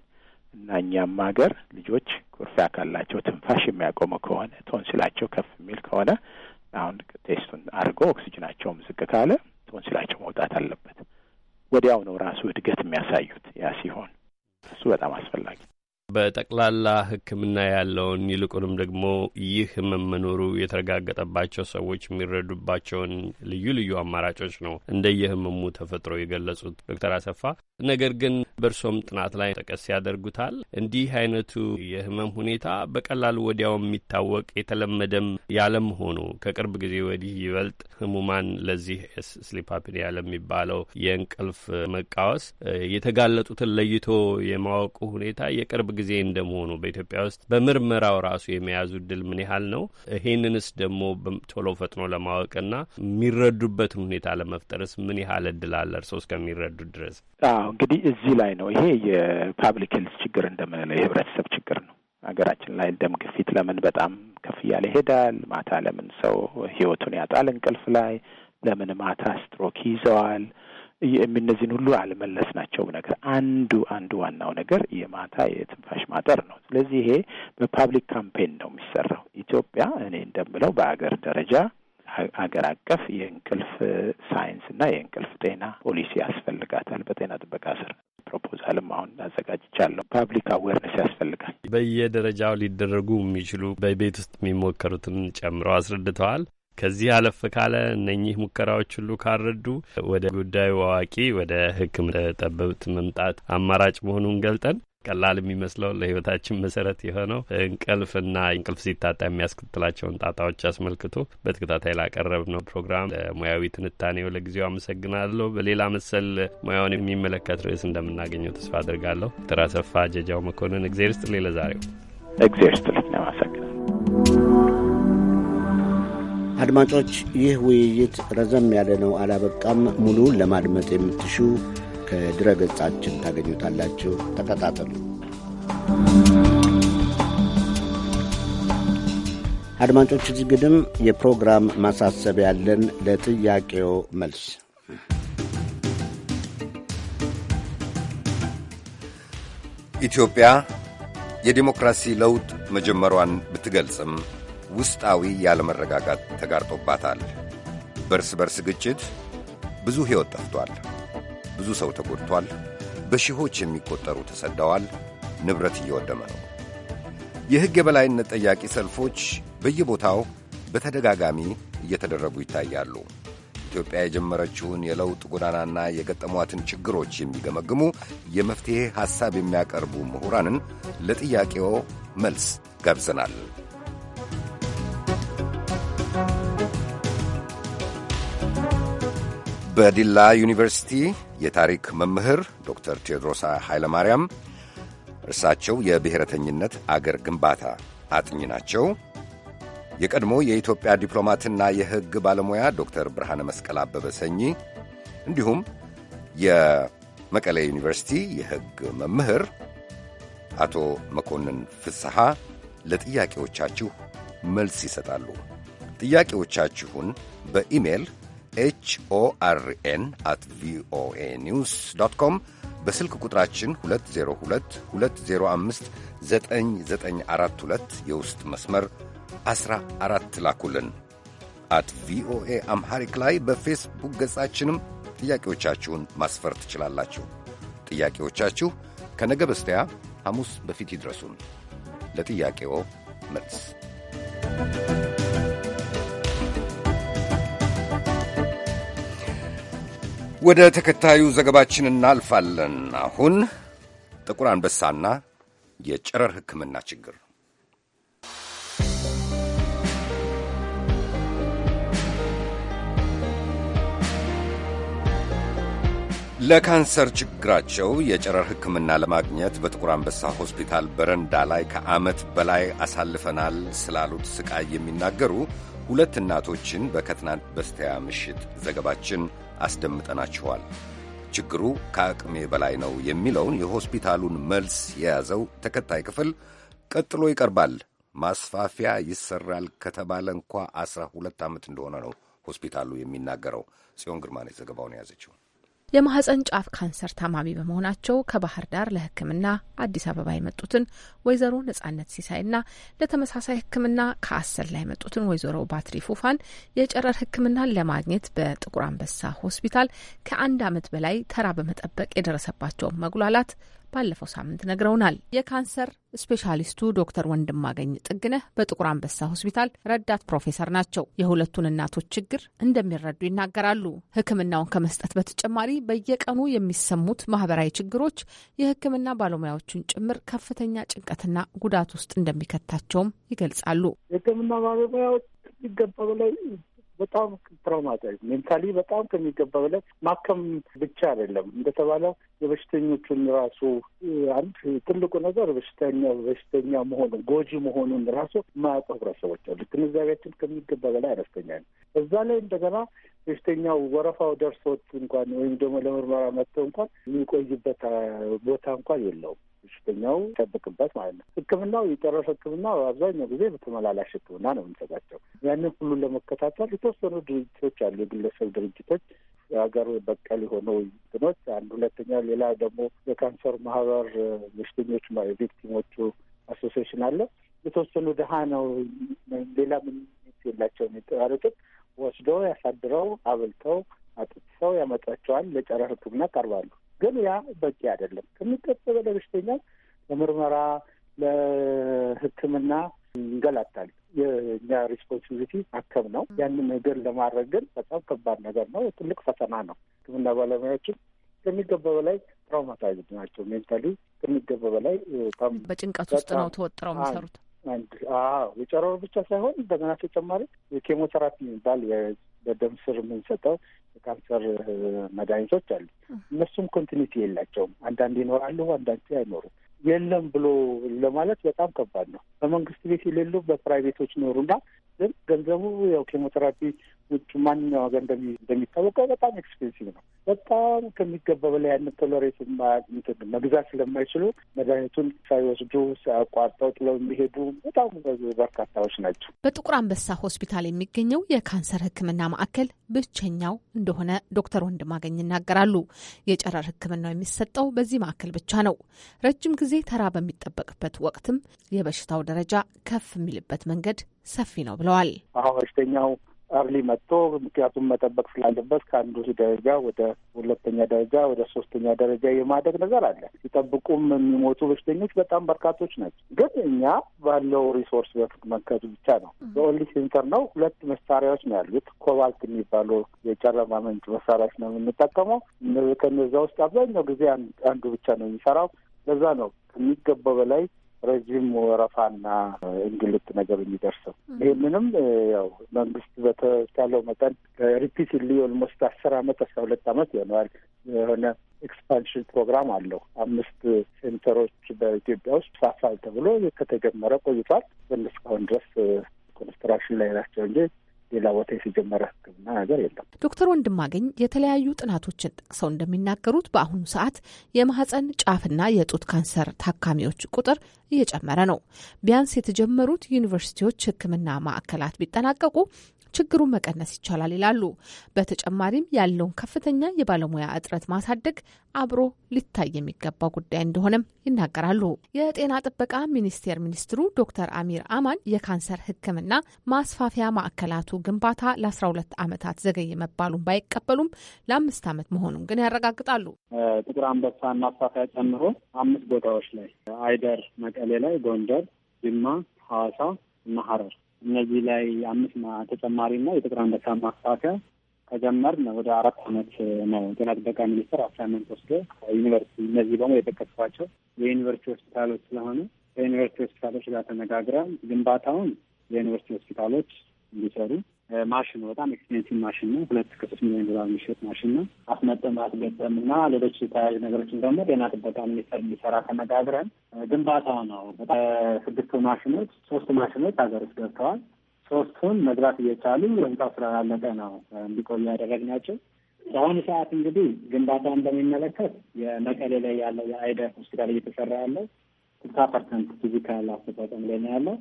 እና እኛም ሀገር ልጆች ኩርፊያ ካላቸው ትንፋሽ የሚያቆመው ከሆነ ቶንሲላቸው ከፍ የሚል ከሆነ አሁን ቴስቱን አድርጎ ኦክሲጅናቸውም ዝቅ ካለ ቶንሲላቸው መውጣት አለበት። ወዲያው ነው ራሱ እድገት የሚያሳዩት። ያ ሲሆን እሱ በጣም አስፈላጊ በጠቅላላ ሕክምና ያለውን ይልቁንም ደግሞ ይህ ህመም መኖሩ የተረጋገጠባቸው ሰዎች የሚረዱባቸውን ልዩ ልዩ አማራጮች ነው እንደየህመሙ ተፈጥሮ የገለጹት ዶክተር አሰፋ። ነገር ግን በእርሶም ጥናት ላይ ጠቀስ ያደርጉታል። እንዲህ አይነቱ የህመም ሁኔታ በቀላሉ ወዲያው የሚታወቅ የተለመደም ያለመሆኑ ከቅርብ ጊዜ ወዲህ ይበልጥ ህሙማን ለዚህ ስሊፕ አፕኒያ ለሚባለው የእንቅልፍ መቃወስ የተጋለጡትን ለይቶ የማወቁ ሁኔታ የቅርብ ጊዜ እንደመሆኑ በኢትዮጵያ ውስጥ በምርመራው ራሱ የመያዙ እድል ምን ያህል ነው? ይሄንንስ ደግሞ ቶሎ ፈጥኖ ለማወቅና የሚረዱበትን ሁኔታ ለመፍጠርስ ምን ያህል እድል አለ እስከሚረዱ ድረስ? አዎ እንግዲህ እዚህ ላይ ነው ይሄ የፓብሊክ ሄልዝ ችግር እንደምንለው የህብረተሰብ ችግር ነው። ሀገራችን ላይ ደም ግፊት ለምን በጣም ከፍ እያለ ይሄዳል? ማታ ለምን ሰው ህይወቱን ያጣል? እንቅልፍ ላይ ለምን ማታ ስትሮክ ይዘዋል? እነዚህን ሁሉ ናቸው ነገር አንዱ አንዱ ዋናው ነገር የማታ የትንፋሽ ማጠር ነው። ስለዚህ ይሄ በፓብሊክ ካምፔን ነው የሚሰራው። ኢትዮጵያ እኔ እንደምለው በአገር ደረጃ ሀገር አቀፍ የእንቅልፍ ሳይንስ እና የእንቅልፍ ጤና ፖሊሲ ያስፈልጋታል። በጤና ጥበቃ ስር ፕሮፖዛልም አሁን አዘጋጅቻለሁ። ፓብሊክ አዌርነስ ያስፈልጋል። በየደረጃው ሊደረጉ የሚችሉ በቤት ውስጥ የሚሞከሩትን ጨምረው አስረድተዋል። ከዚህ አለፍ ካለ እነኚህ ሙከራዎች ሁሉ ካልረዱ ወደ ጉዳዩ አዋቂ ወደ ሕክምና ጠበብት መምጣት አማራጭ መሆኑን ገልጠን ቀላል የሚመስለው ለህይወታችን መሰረት የሆነው እንቅልፍና እንቅልፍ ሲታጣ የሚያስከትላቸውን ጣጣዎች አስመልክቶ በተከታታይ ላቀረብ ነው ፕሮግራም ለሙያዊ ትንታኔው ለጊዜው አመሰግናለሁ። በሌላ መሰል ሙያውን የሚመለከት ርዕስ እንደምናገኘው ተስፋ አድርጋለሁ። ዶክተር አሰፋ ጀጃው መኮንን እግዜር ስጥልኝ። ለዛሬው እግዜር ስጥልኝ አድማጮች ይህ ውይይት ረዘም ያለ ነው፣ አላበቃም። ሙሉ ለማድመጥ የምትሹ ከድረ ገጻችን ታገኙታላችሁ። ተከታተሉ። አድማጮች፣ እዚህ ግድም የፕሮግራም ማሳሰቢያ ያለን ለጥያቄው መልስ ኢትዮጵያ የዲሞክራሲ ለውጥ መጀመሯን ብትገልጽም ውስጣዊ ያለመረጋጋት ተጋርጦባታል። በርስ በርስ ግጭት ብዙ ሕይወት ጠፍቷል። ብዙ ሰው ተጎድቷል። በሺዎች የሚቆጠሩ ተሰደዋል። ንብረት እየወደመ ነው። የሕግ የበላይነት ጠያቂ ሰልፎች በየቦታው በተደጋጋሚ እየተደረጉ ይታያሉ። ኢትዮጵያ የጀመረችውን የለውጥ ጎዳናና የገጠሟትን ችግሮች የሚገመግሙ የመፍትሔ ሐሳብ የሚያቀርቡ ምሁራንን ለጥያቄው መልስ ጋብዘናል። በዲላ ዩኒቨርሲቲ የታሪክ መምህር ዶክተር ቴዎድሮስ ኃይለማርያም እርሳቸው የብሔረተኝነት አገር ግንባታ አጥኚ ናቸው። የቀድሞ የኢትዮጵያ ዲፕሎማትና የሕግ ባለሙያ ዶክተር ብርሃነ መስቀል አበበ ሰኚ እንዲሁም የመቀሌ ዩኒቨርሲቲ የሕግ መምህር አቶ መኮንን ፍስሐ ለጥያቄዎቻችሁ መልስ ይሰጣሉ። ጥያቄዎቻችሁን በኢሜል ኤችኦአርኤን አት ቪኦኤ ኒውስ ዶት ኮም በስልክ ቁጥራችን 2022059942 የውስጥ መስመር 14 ላኩልን። አት ቪኦኤ አምሐሪክ ላይ በፌስቡክ ገጻችንም ጥያቄዎቻችሁን ማስፈር ትችላላችሁ። ጥያቄዎቻችሁ ከነገ በስቲያ ሐሙስ በፊት ይድረሱን። ለጥያቄዎ መልስ ወደ ተከታዩ ዘገባችን እናልፋለን። አሁን ጥቁር አንበሳና የጨረር ሕክምና ችግር ለካንሰር ችግራቸው የጨረር ሕክምና ለማግኘት በጥቁር አንበሳ ሆስፒታል በረንዳ ላይ ከዓመት በላይ አሳልፈናል ስላሉት ስቃይ የሚናገሩ ሁለት እናቶችን በከትናንት በስቲያ ምሽት ዘገባችን አስደምጠናችኋል። ችግሩ ከአቅሜ በላይ ነው የሚለውን የሆስፒታሉን መልስ የያዘው ተከታይ ክፍል ቀጥሎ ይቀርባል። ማስፋፊያ ይሰራል ከተባለ እንኳ አስራ ሁለት ዓመት እንደሆነ ነው ሆስፒታሉ የሚናገረው። ጽዮን ግርማ ነች ዘገባውን የያዘችው። የማህፀን ጫፍ ካንሰር ታማሚ በመሆናቸው ከባህር ዳር ለሕክምና አዲስ አበባ የመጡትን ወይዘሮ ነጻነት ሲሳይና ለተመሳሳይ ሕክምና ከአስር ላይ የመጡትን ወይዘሮ ባትሪ ፉፋን የጨረር ሕክምናን ለማግኘት በጥቁር አንበሳ ሆስፒታል ከአንድ ዓመት በላይ ተራ በመጠበቅ የደረሰባቸውን መጉላላት ባለፈው ሳምንት ነግረውናል። የካንሰር ስፔሻሊስቱ ዶክተር ወንድማገኝ ጥግነህ በጥቁር አንበሳ ሆስፒታል ረዳት ፕሮፌሰር ናቸው። የሁለቱን እናቶች ችግር እንደሚረዱ ይናገራሉ። ሕክምናውን ከመስጠት በተጨማሪ በየቀኑ የሚሰሙት ማህበራዊ ችግሮች የሕክምና ባለሙያዎችን ጭምር ከፍተኛ ጭንቀትና ጉዳት ውስጥ እንደሚከታቸውም ይገልጻሉ። የሕክምና ባለሙያዎች ይገባ በላይ በጣም ትራውማታይዝ ሜንታሊ በጣም ከሚገባ በላይ ማከም ብቻ አይደለም እንደተባለው የበሽተኞቹን ራሱ አንድ ትልቁ ነገር በሽተኛ በሽተኛ መሆኑ ጎጂ መሆኑን ራሱ ማያውቁ ህብረተሰቦች አሉ። ግንዛቤያችን ከሚገባ በላይ አነስተኛ ነው። እዛ ላይ እንደገና በሽተኛው ወረፋው ደርሶት እንኳን ወይም ደግሞ ለምርመራ መጥቶ እንኳን የሚቆይበት ቦታ እንኳን የለውም። በሽተኛው ይጠብቅበት ማለት ነው። ሕክምናው የጨረሰ ሕክምና አብዛኛው ጊዜ በተመላላሽ ሕክምና ነው የምንሰጣቸው። ያንን ሁሉ ለመከታተል የተወሰኑ ድርጅቶች አሉ፣ የግለሰብ ድርጅቶች ሀገር በቀል የሆነ ትኖች አንድ ሁለተኛ፣ ሌላ ደግሞ የካንሰር ማህበር በሽተኞች ቪክቲሞቹ አሶሴሽን አለ። የተወሰኑ ድሀ ነው ሌላ ምን የላቸውም ወስዶ ያሳድረው አብልተው አጥጥሰው ያመጧቸዋል። ለጨረ ሕክምና ቀርባሉ። ግን ያ በቂ አይደለም። ከሚቀጥበ ለበሽተኛ ለምርመራ ለሕክምና እንገላታል። የእኛ ሪስፖንሲቢሊቲ አከም ነው። ያንን ነገር ለማድረግ ግን በጣም ከባድ ነገር ነው። ትልቅ ፈተና ነው። ሕክምና ባለሙያዎችም ከሚገባ በላይ ትራውማታይዝድ ናቸው። ሜንታሊ ከሚገባ በላይ በጭንቀት ውስጥ ነው ተወጥረው የሚሰሩት። አንድ የጨረሩ ብቻ ሳይሆን እንደገና ተጨማሪ የኬሞቴራፒ የሚባል በደም ስር የምንሰጠው የካንሰር መድኃኒቶች አሉ። እነሱም ኮንቲኒቲ የላቸውም። አንዳንድ ይኖራሉ፣ አንዳንድ አይኖሩም። የለም ብሎ ለማለት በጣም ከባድ ነው። በመንግስት ቤት የሌሉ በፕራይቬቶች ኖሩና ግን ገንዘቡ ያው ኬሞቴራፒ ውጭ ማንኛው ሀገር እንደሚታወቀው በጣም ኤክስፔንሲቭ ነው። በጣም ከሚገባ በላይ ያንን ቶሎሬት መግዛት ስለማይችሉ መድኃኒቱን ሳይወስዱ ሳያቋርጠው ጥለው የሚሄዱ በጣም በርካታዎች ናቸው። በጥቁር አንበሳ ሆስፒታል የሚገኘው የካንሰር ሕክምና ማዕከል ብቸኛው እንደሆነ ዶክተር ወንድማገኝ ይናገራሉ። የጨረር ሕክምናው የሚሰጠው በዚህ ማዕከል ብቻ ነው። ረጅም ጊዜ ተራ በሚጠበቅበት ወቅትም የበሽታው ደረጃ ከፍ የሚልበት መንገድ ሰፊ ነው ብለዋል። አሁን በሽተኛው አርሊ መጥቶ ምክንያቱም መጠበቅ ስላለበት ከአንዱ ደረጃ ወደ ሁለተኛ ደረጃ ወደ ሶስተኛ ደረጃ የማደግ ነገር አለ። ሲጠብቁም የሚሞቱ በሽተኞች በጣም በርካቶች ናቸው። ግን እኛ ባለው ሪሶርስ በመንከቱ ብቻ ነው። በኦንሊ ሴንተር ነው ሁለት መሳሪያዎች ነው ያሉት። ኮባልት የሚባሉ የጨረማ ምንጭ መሳሪያዎች ነው የምንጠቀመው። ከነዛ ውስጥ አብዛኛው ጊዜ አንዱ ብቻ ነው የሚሰራው። ለዛ ነው ከሚገባው በላይ ረዥም ወረፋና እንግልት ነገር የሚደርሰው። ይህንንም ያው መንግስት በተቻለው መጠን ሪፒት ሪፒትሊ ኦልሞስት አስር አመት አስራ ሁለት አመት ይሆነዋል የሆነ ኤክስፓንሽን ፕሮግራም አለው። አምስት ሴንተሮች በኢትዮጵያ ውስጥ ሳፋል ተብሎ ከተጀመረ ቆይቷል። ግን እስካሁን ድረስ ኮንስትራክሽን ላይ ናቸው እንጂ ሌላ ቦታ የተጀመረ ሕክምና ነገር የለም። ዶክተር ወንድማገኝ የተለያዩ ጥናቶችን ጠቅሰው እንደሚናገሩት በአሁኑ ሰዓት የማህፀን ጫፍና የጡት ካንሰር ታካሚዎች ቁጥር እየጨመረ ነው። ቢያንስ የተጀመሩት ዩኒቨርሲቲዎች ሕክምና ማዕከላት ቢጠናቀቁ ችግሩን መቀነስ ይቻላል ይላሉ። በተጨማሪም ያለውን ከፍተኛ የባለሙያ እጥረት ማሳደግ አብሮ ሊታይ የሚገባ ጉዳይ እንደሆነም ይናገራሉ። የጤና ጥበቃ ሚኒስቴር ሚኒስትሩ ዶክተር አሚር አማን የካንሰር ሕክምና ማስፋፊያ ማዕከላቱ ግንባታ ለ12 ዓመታት ዘገየ መባሉን ባይቀበሉም ለአምስት ዓመት መሆኑን ግን ያረጋግጣሉ። ጥቁር አንበሳን ማስፋፊያ ጨምሮ አምስት ቦታዎች ላይ አይደር መቀሌ ላይ፣ ጎንደር፣ ጅማ፣ ሐዋሳ እና ሐረር እነዚህ ላይ አምስት ተጨማሪና የጥቁር አንበሳ ከጀመር ከጀመርን ወደ አራት ዓመት ነው። ጤና ጥበቃ ሚኒስቴር አሳይመንት ወስዶ ዩኒቨርሲቲ እነዚህ ደግሞ የጠቀስኳቸው የዩኒቨርሲቲ ሆስፒታሎች ስለሆነ ከዩኒቨርሲቲ ሆስፒታሎች ጋር ተነጋግረን ግንባታውን የዩኒቨርሲቲ ሆስፒታሎች እንዲሰሩ ማሽን ነው። በጣም ኤክስፔንሲቭ ማሽን ነው። ሁለት ከሶስት ሚሊዮን ዶላር የሚሸጥ ማሽን ነው። አስመጠም አስገጠም እና ሌሎች የተያያዥ ነገሮችን ደግሞ ጤና ጥበቃ ሚኒስቴር እንዲሰራ ተነጋግረን ግንባታው ነው። ስድስቱ ማሽኖች ሶስቱ ማሽኖች ሀገር ውስጥ ገብተዋል። ሶስቱን መግባት እየቻሉ ህንፃው ስራ ያለቀ ነው እንዲቆዩ ያደረግናቸው። በአሁኑ ሰዓት እንግዲህ ግንባታውን በሚመለከት የመቀሌ ላይ ያለው የአይደር ሆስፒታል እየተሰራ ያለው ስልሳ ፐርሰንት ፊዚካል አስተጣጠም ላይ ነው ያለው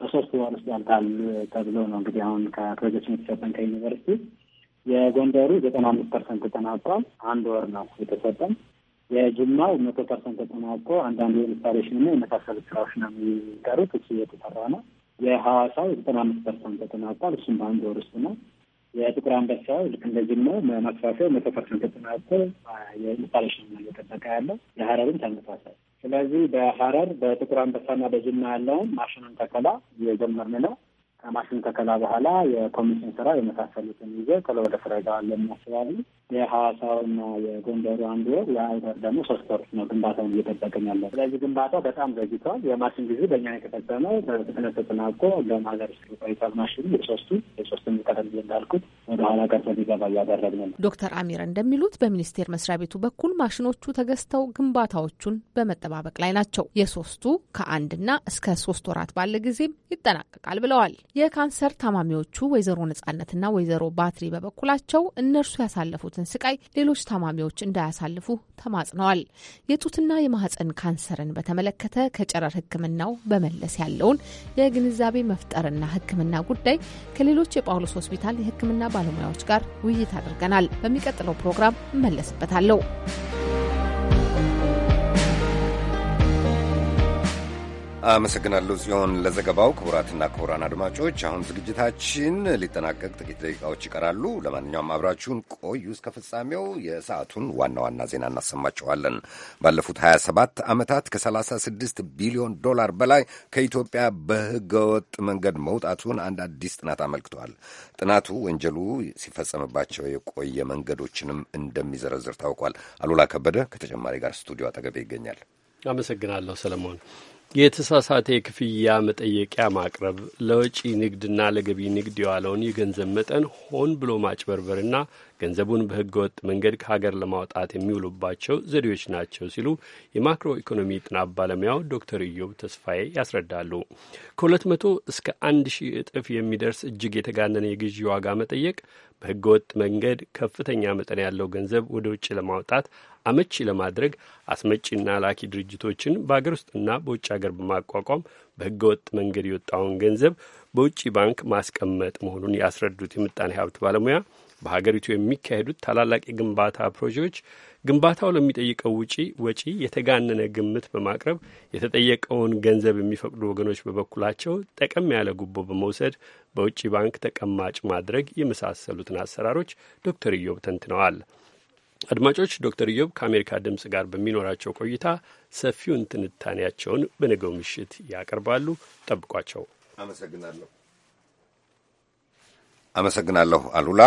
በሶስት ወር ውስጥ ያልቃል ተብሎ ነው እንግዲህ አሁን ከፕሮጀክሽን የተሰጠን ከዩኒቨርሲቲ የጎንደሩ ዘጠና አምስት ፐርሰንት ተጠናቋል። አንድ ወር ነው የተሰጠን። የጅማው መቶ ፐርሰንት ተጠናቆ አንዳንድ የኢንስታሌሽን እና የመሳሰሉ ስራዎች ነው የሚቀሩት። እሱ እየተሰራ ነው። የሐዋሳው ዘጠና አምስት ፐርሰንት ተጠናቋል። እሱም በአንድ ወር ውስጥ ነው። የጥቁር አንበሳው ልክ እንደ ጅማው ማስፋፊያው መቶ ፐርሰንት ተጠናቆ የኢንስታሌሽን ነው እየጠበቀ ያለው። የሀረሩም ተመሳሳይ ስለዚህ በሀረር በጥቁር አንበሳና በጅማ ያለውን ማሽኑን ተከላ እየጀመርን ነው። ከማሽን ተከላ በኋላ የኮሚሽን ስራ የመሳሰሉትን ይዘ ቶሎ ወደ ፍረጋ የሚያስባሉ የሐዋሳው እና የጎንደሩ አንድ ወር ደግሞ ሶስት ወር ነው ግንባታውን እየጠበቅን ያለ። ስለዚህ ግንባታው በጣም ዘጅቷል የማሽን ጊዜ በእኛ የተፈጸመው በፍጥነት ተጠናቆ ለማዘር ቆይቷል። ማሽኑ የሶስቱ የሶስቱም ቀደም እንዳልኩት ወደኋላ ቀርቶ እንዲገባ እያደረግን ነው። ዶክተር አሚር እንደሚሉት በሚኒስቴር መስሪያ ቤቱ በኩል ማሽኖቹ ተገዝተው ግንባታዎቹን በመጠባበቅ ላይ ናቸው። የሶስቱ ከአንድና እስከ ሶስት ወራት ባለ ጊዜም ይጠናቀቃል ብለዋል። የካንሰር ታማሚዎቹ ወይዘሮ ነጻነትና ወይዘሮ ባትሪ በበኩላቸው እነርሱ ያሳለፉት የሚደርስበትን ስቃይ ሌሎች ታማሚዎች እንዳያሳልፉ ተማጽነዋል። የጡትና የማህፀን ካንሰርን በተመለከተ ከጨረር ሕክምናው በመለስ ያለውን የግንዛቤ መፍጠርና ሕክምና ጉዳይ ከሌሎች የጳውሎስ ሆስፒታል የሕክምና ባለሙያዎች ጋር ውይይት አድርገናል። በሚቀጥለው ፕሮግራም እመለስበታለሁ። አመሰግናለሁ ጽዮን ለዘገባው። ክቡራትና ክቡራን አድማጮች አሁን ዝግጅታችን ሊጠናቀቅ ጥቂት ደቂቃዎች ይቀራሉ። ለማንኛውም አብራችሁን ቆዩ እስከ ፍጻሜው። የሰዓቱን ዋና ዋና ዜና እናሰማቸዋለን። ባለፉት 27 ዓመታት ከ36 ቢሊዮን ዶላር በላይ ከኢትዮጵያ በህገወጥ መንገድ መውጣቱን አንድ አዲስ ጥናት አመልክቷል። ጥናቱ ወንጀሉ ሲፈጸምባቸው የቆየ መንገዶችንም እንደሚዘረዝር ታውቋል። አሉላ ከበደ ከተጨማሪ ጋር ስቱዲዮ አጠገቤ ይገኛል። አመሰግናለሁ ሰለሞን። የተሳሳተ የክፍያ መጠየቂያ ማቅረብ፣ ለወጪ ንግድና ለገቢ ንግድ የዋለውን የገንዘብ መጠን ሆን ብሎ ማጭበርበርና ገንዘቡን በህገ ወጥ መንገድ ከሀገር ለማውጣት የሚውሉባቸው ዘዴዎች ናቸው ሲሉ የማክሮ ኢኮኖሚ ጥናት ባለሙያው ዶክተር ኢዮብ ተስፋዬ ያስረዳሉ። ከሁለት መቶ እስከ አንድ ሺህ እጥፍ የሚደርስ እጅግ የተጋነነ የግዢ ዋጋ መጠየቅ በህገ ወጥ መንገድ ከፍተኛ መጠን ያለው ገንዘብ ወደ ውጭ ለማውጣት አመቺ ለማድረግ አስመጪና ላኪ ድርጅቶችን በአገር ውስጥና በውጭ ሀገር በማቋቋም በህገ ወጥ መንገድ የወጣውን ገንዘብ በውጭ ባንክ ማስቀመጥ መሆኑን ያስረዱት የምጣኔ ሀብት ባለሙያ በሀገሪቱ የሚካሄዱት ታላላቅ የግንባታ ፕሮጀክቶች ግንባታው ለሚጠይቀው ውጪ ወጪ የተጋነነ ግምት በማቅረብ የተጠየቀውን ገንዘብ የሚፈቅዱ ወገኖች በበኩላቸው ጠቀም ያለ ጉቦ በመውሰድ በውጭ ባንክ ተቀማጭ ማድረግ የመሳሰሉትን አሰራሮች ዶክተር ኢዮብ ተንትነዋል። አድማጮች ዶክተር ኢዮብ ከአሜሪካ ድምፅ ጋር በሚኖራቸው ቆይታ ሰፊውን ትንታኔያቸውን በነገው ምሽት ያቀርባሉ። ጠብቋቸው። አመሰግናለሁ። አመሰግናለሁ አሉላ።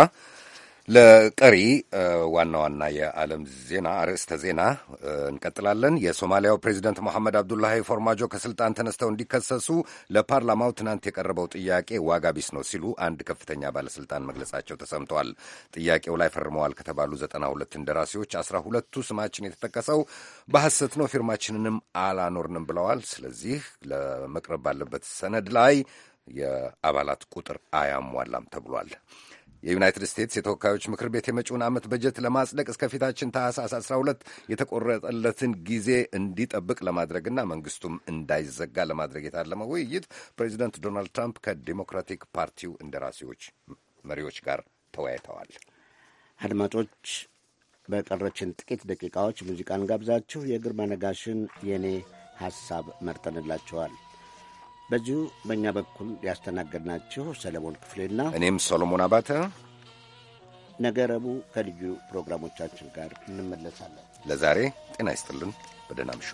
ለቀሪ ዋና ዋና የዓለም ዜና አርዕስተ ዜና እንቀጥላለን። የሶማሊያው ፕሬዚደንት መሐመድ አብዱላሂ ፎርማጆ ከስልጣን ተነስተው እንዲከሰሱ ለፓርላማው ትናንት የቀረበው ጥያቄ ዋጋ ቢስ ነው ሲሉ አንድ ከፍተኛ ባለስልጣን መግለጻቸው ተሰምተዋል። ጥያቄው ላይ ፈርመዋል ከተባሉ ዘጠና ሁለት እንደራሴዎች አስራ ሁለቱ ስማችን የተጠቀሰው በሐሰት ነው፣ ፊርማችንንም አላኖርንም ብለዋል። ስለዚህ ለመቅረብ ባለበት ሰነድ ላይ የአባላት ቁጥር አያሟላም ተብሏል። የዩናይትድ ስቴትስ የተወካዮች ምክር ቤት የመጪውን ዓመት በጀት ለማጽደቅ እስከፊታችን ታህሳስ 12 የተቆረጠለትን ጊዜ እንዲጠብቅ ለማድረግና መንግስቱም እንዳይዘጋ ለማድረግ የታለመ ውይይት ፕሬዚደንት ዶናልድ ትራምፕ ከዲሞክራቲክ ፓርቲው እንደራሴዎች መሪዎች ጋር ተወያይተዋል። አድማጮች በቀረችን ጥቂት ደቂቃዎች ሙዚቃን ጋብዛችሁ የግርማ ነጋሽን የእኔ ሐሳብ መርጠንላችኋል። በዚሁ በእኛ በኩል ያስተናገድናችሁ ሰለሞን ክፍሌና እኔም ሰሎሞን አባተ ነገ ረቡዕ ከልዩ ፕሮግራሞቻችን ጋር እንመለሳለን። ለዛሬ ጤና ይስጥልን። በደህና ምሹ።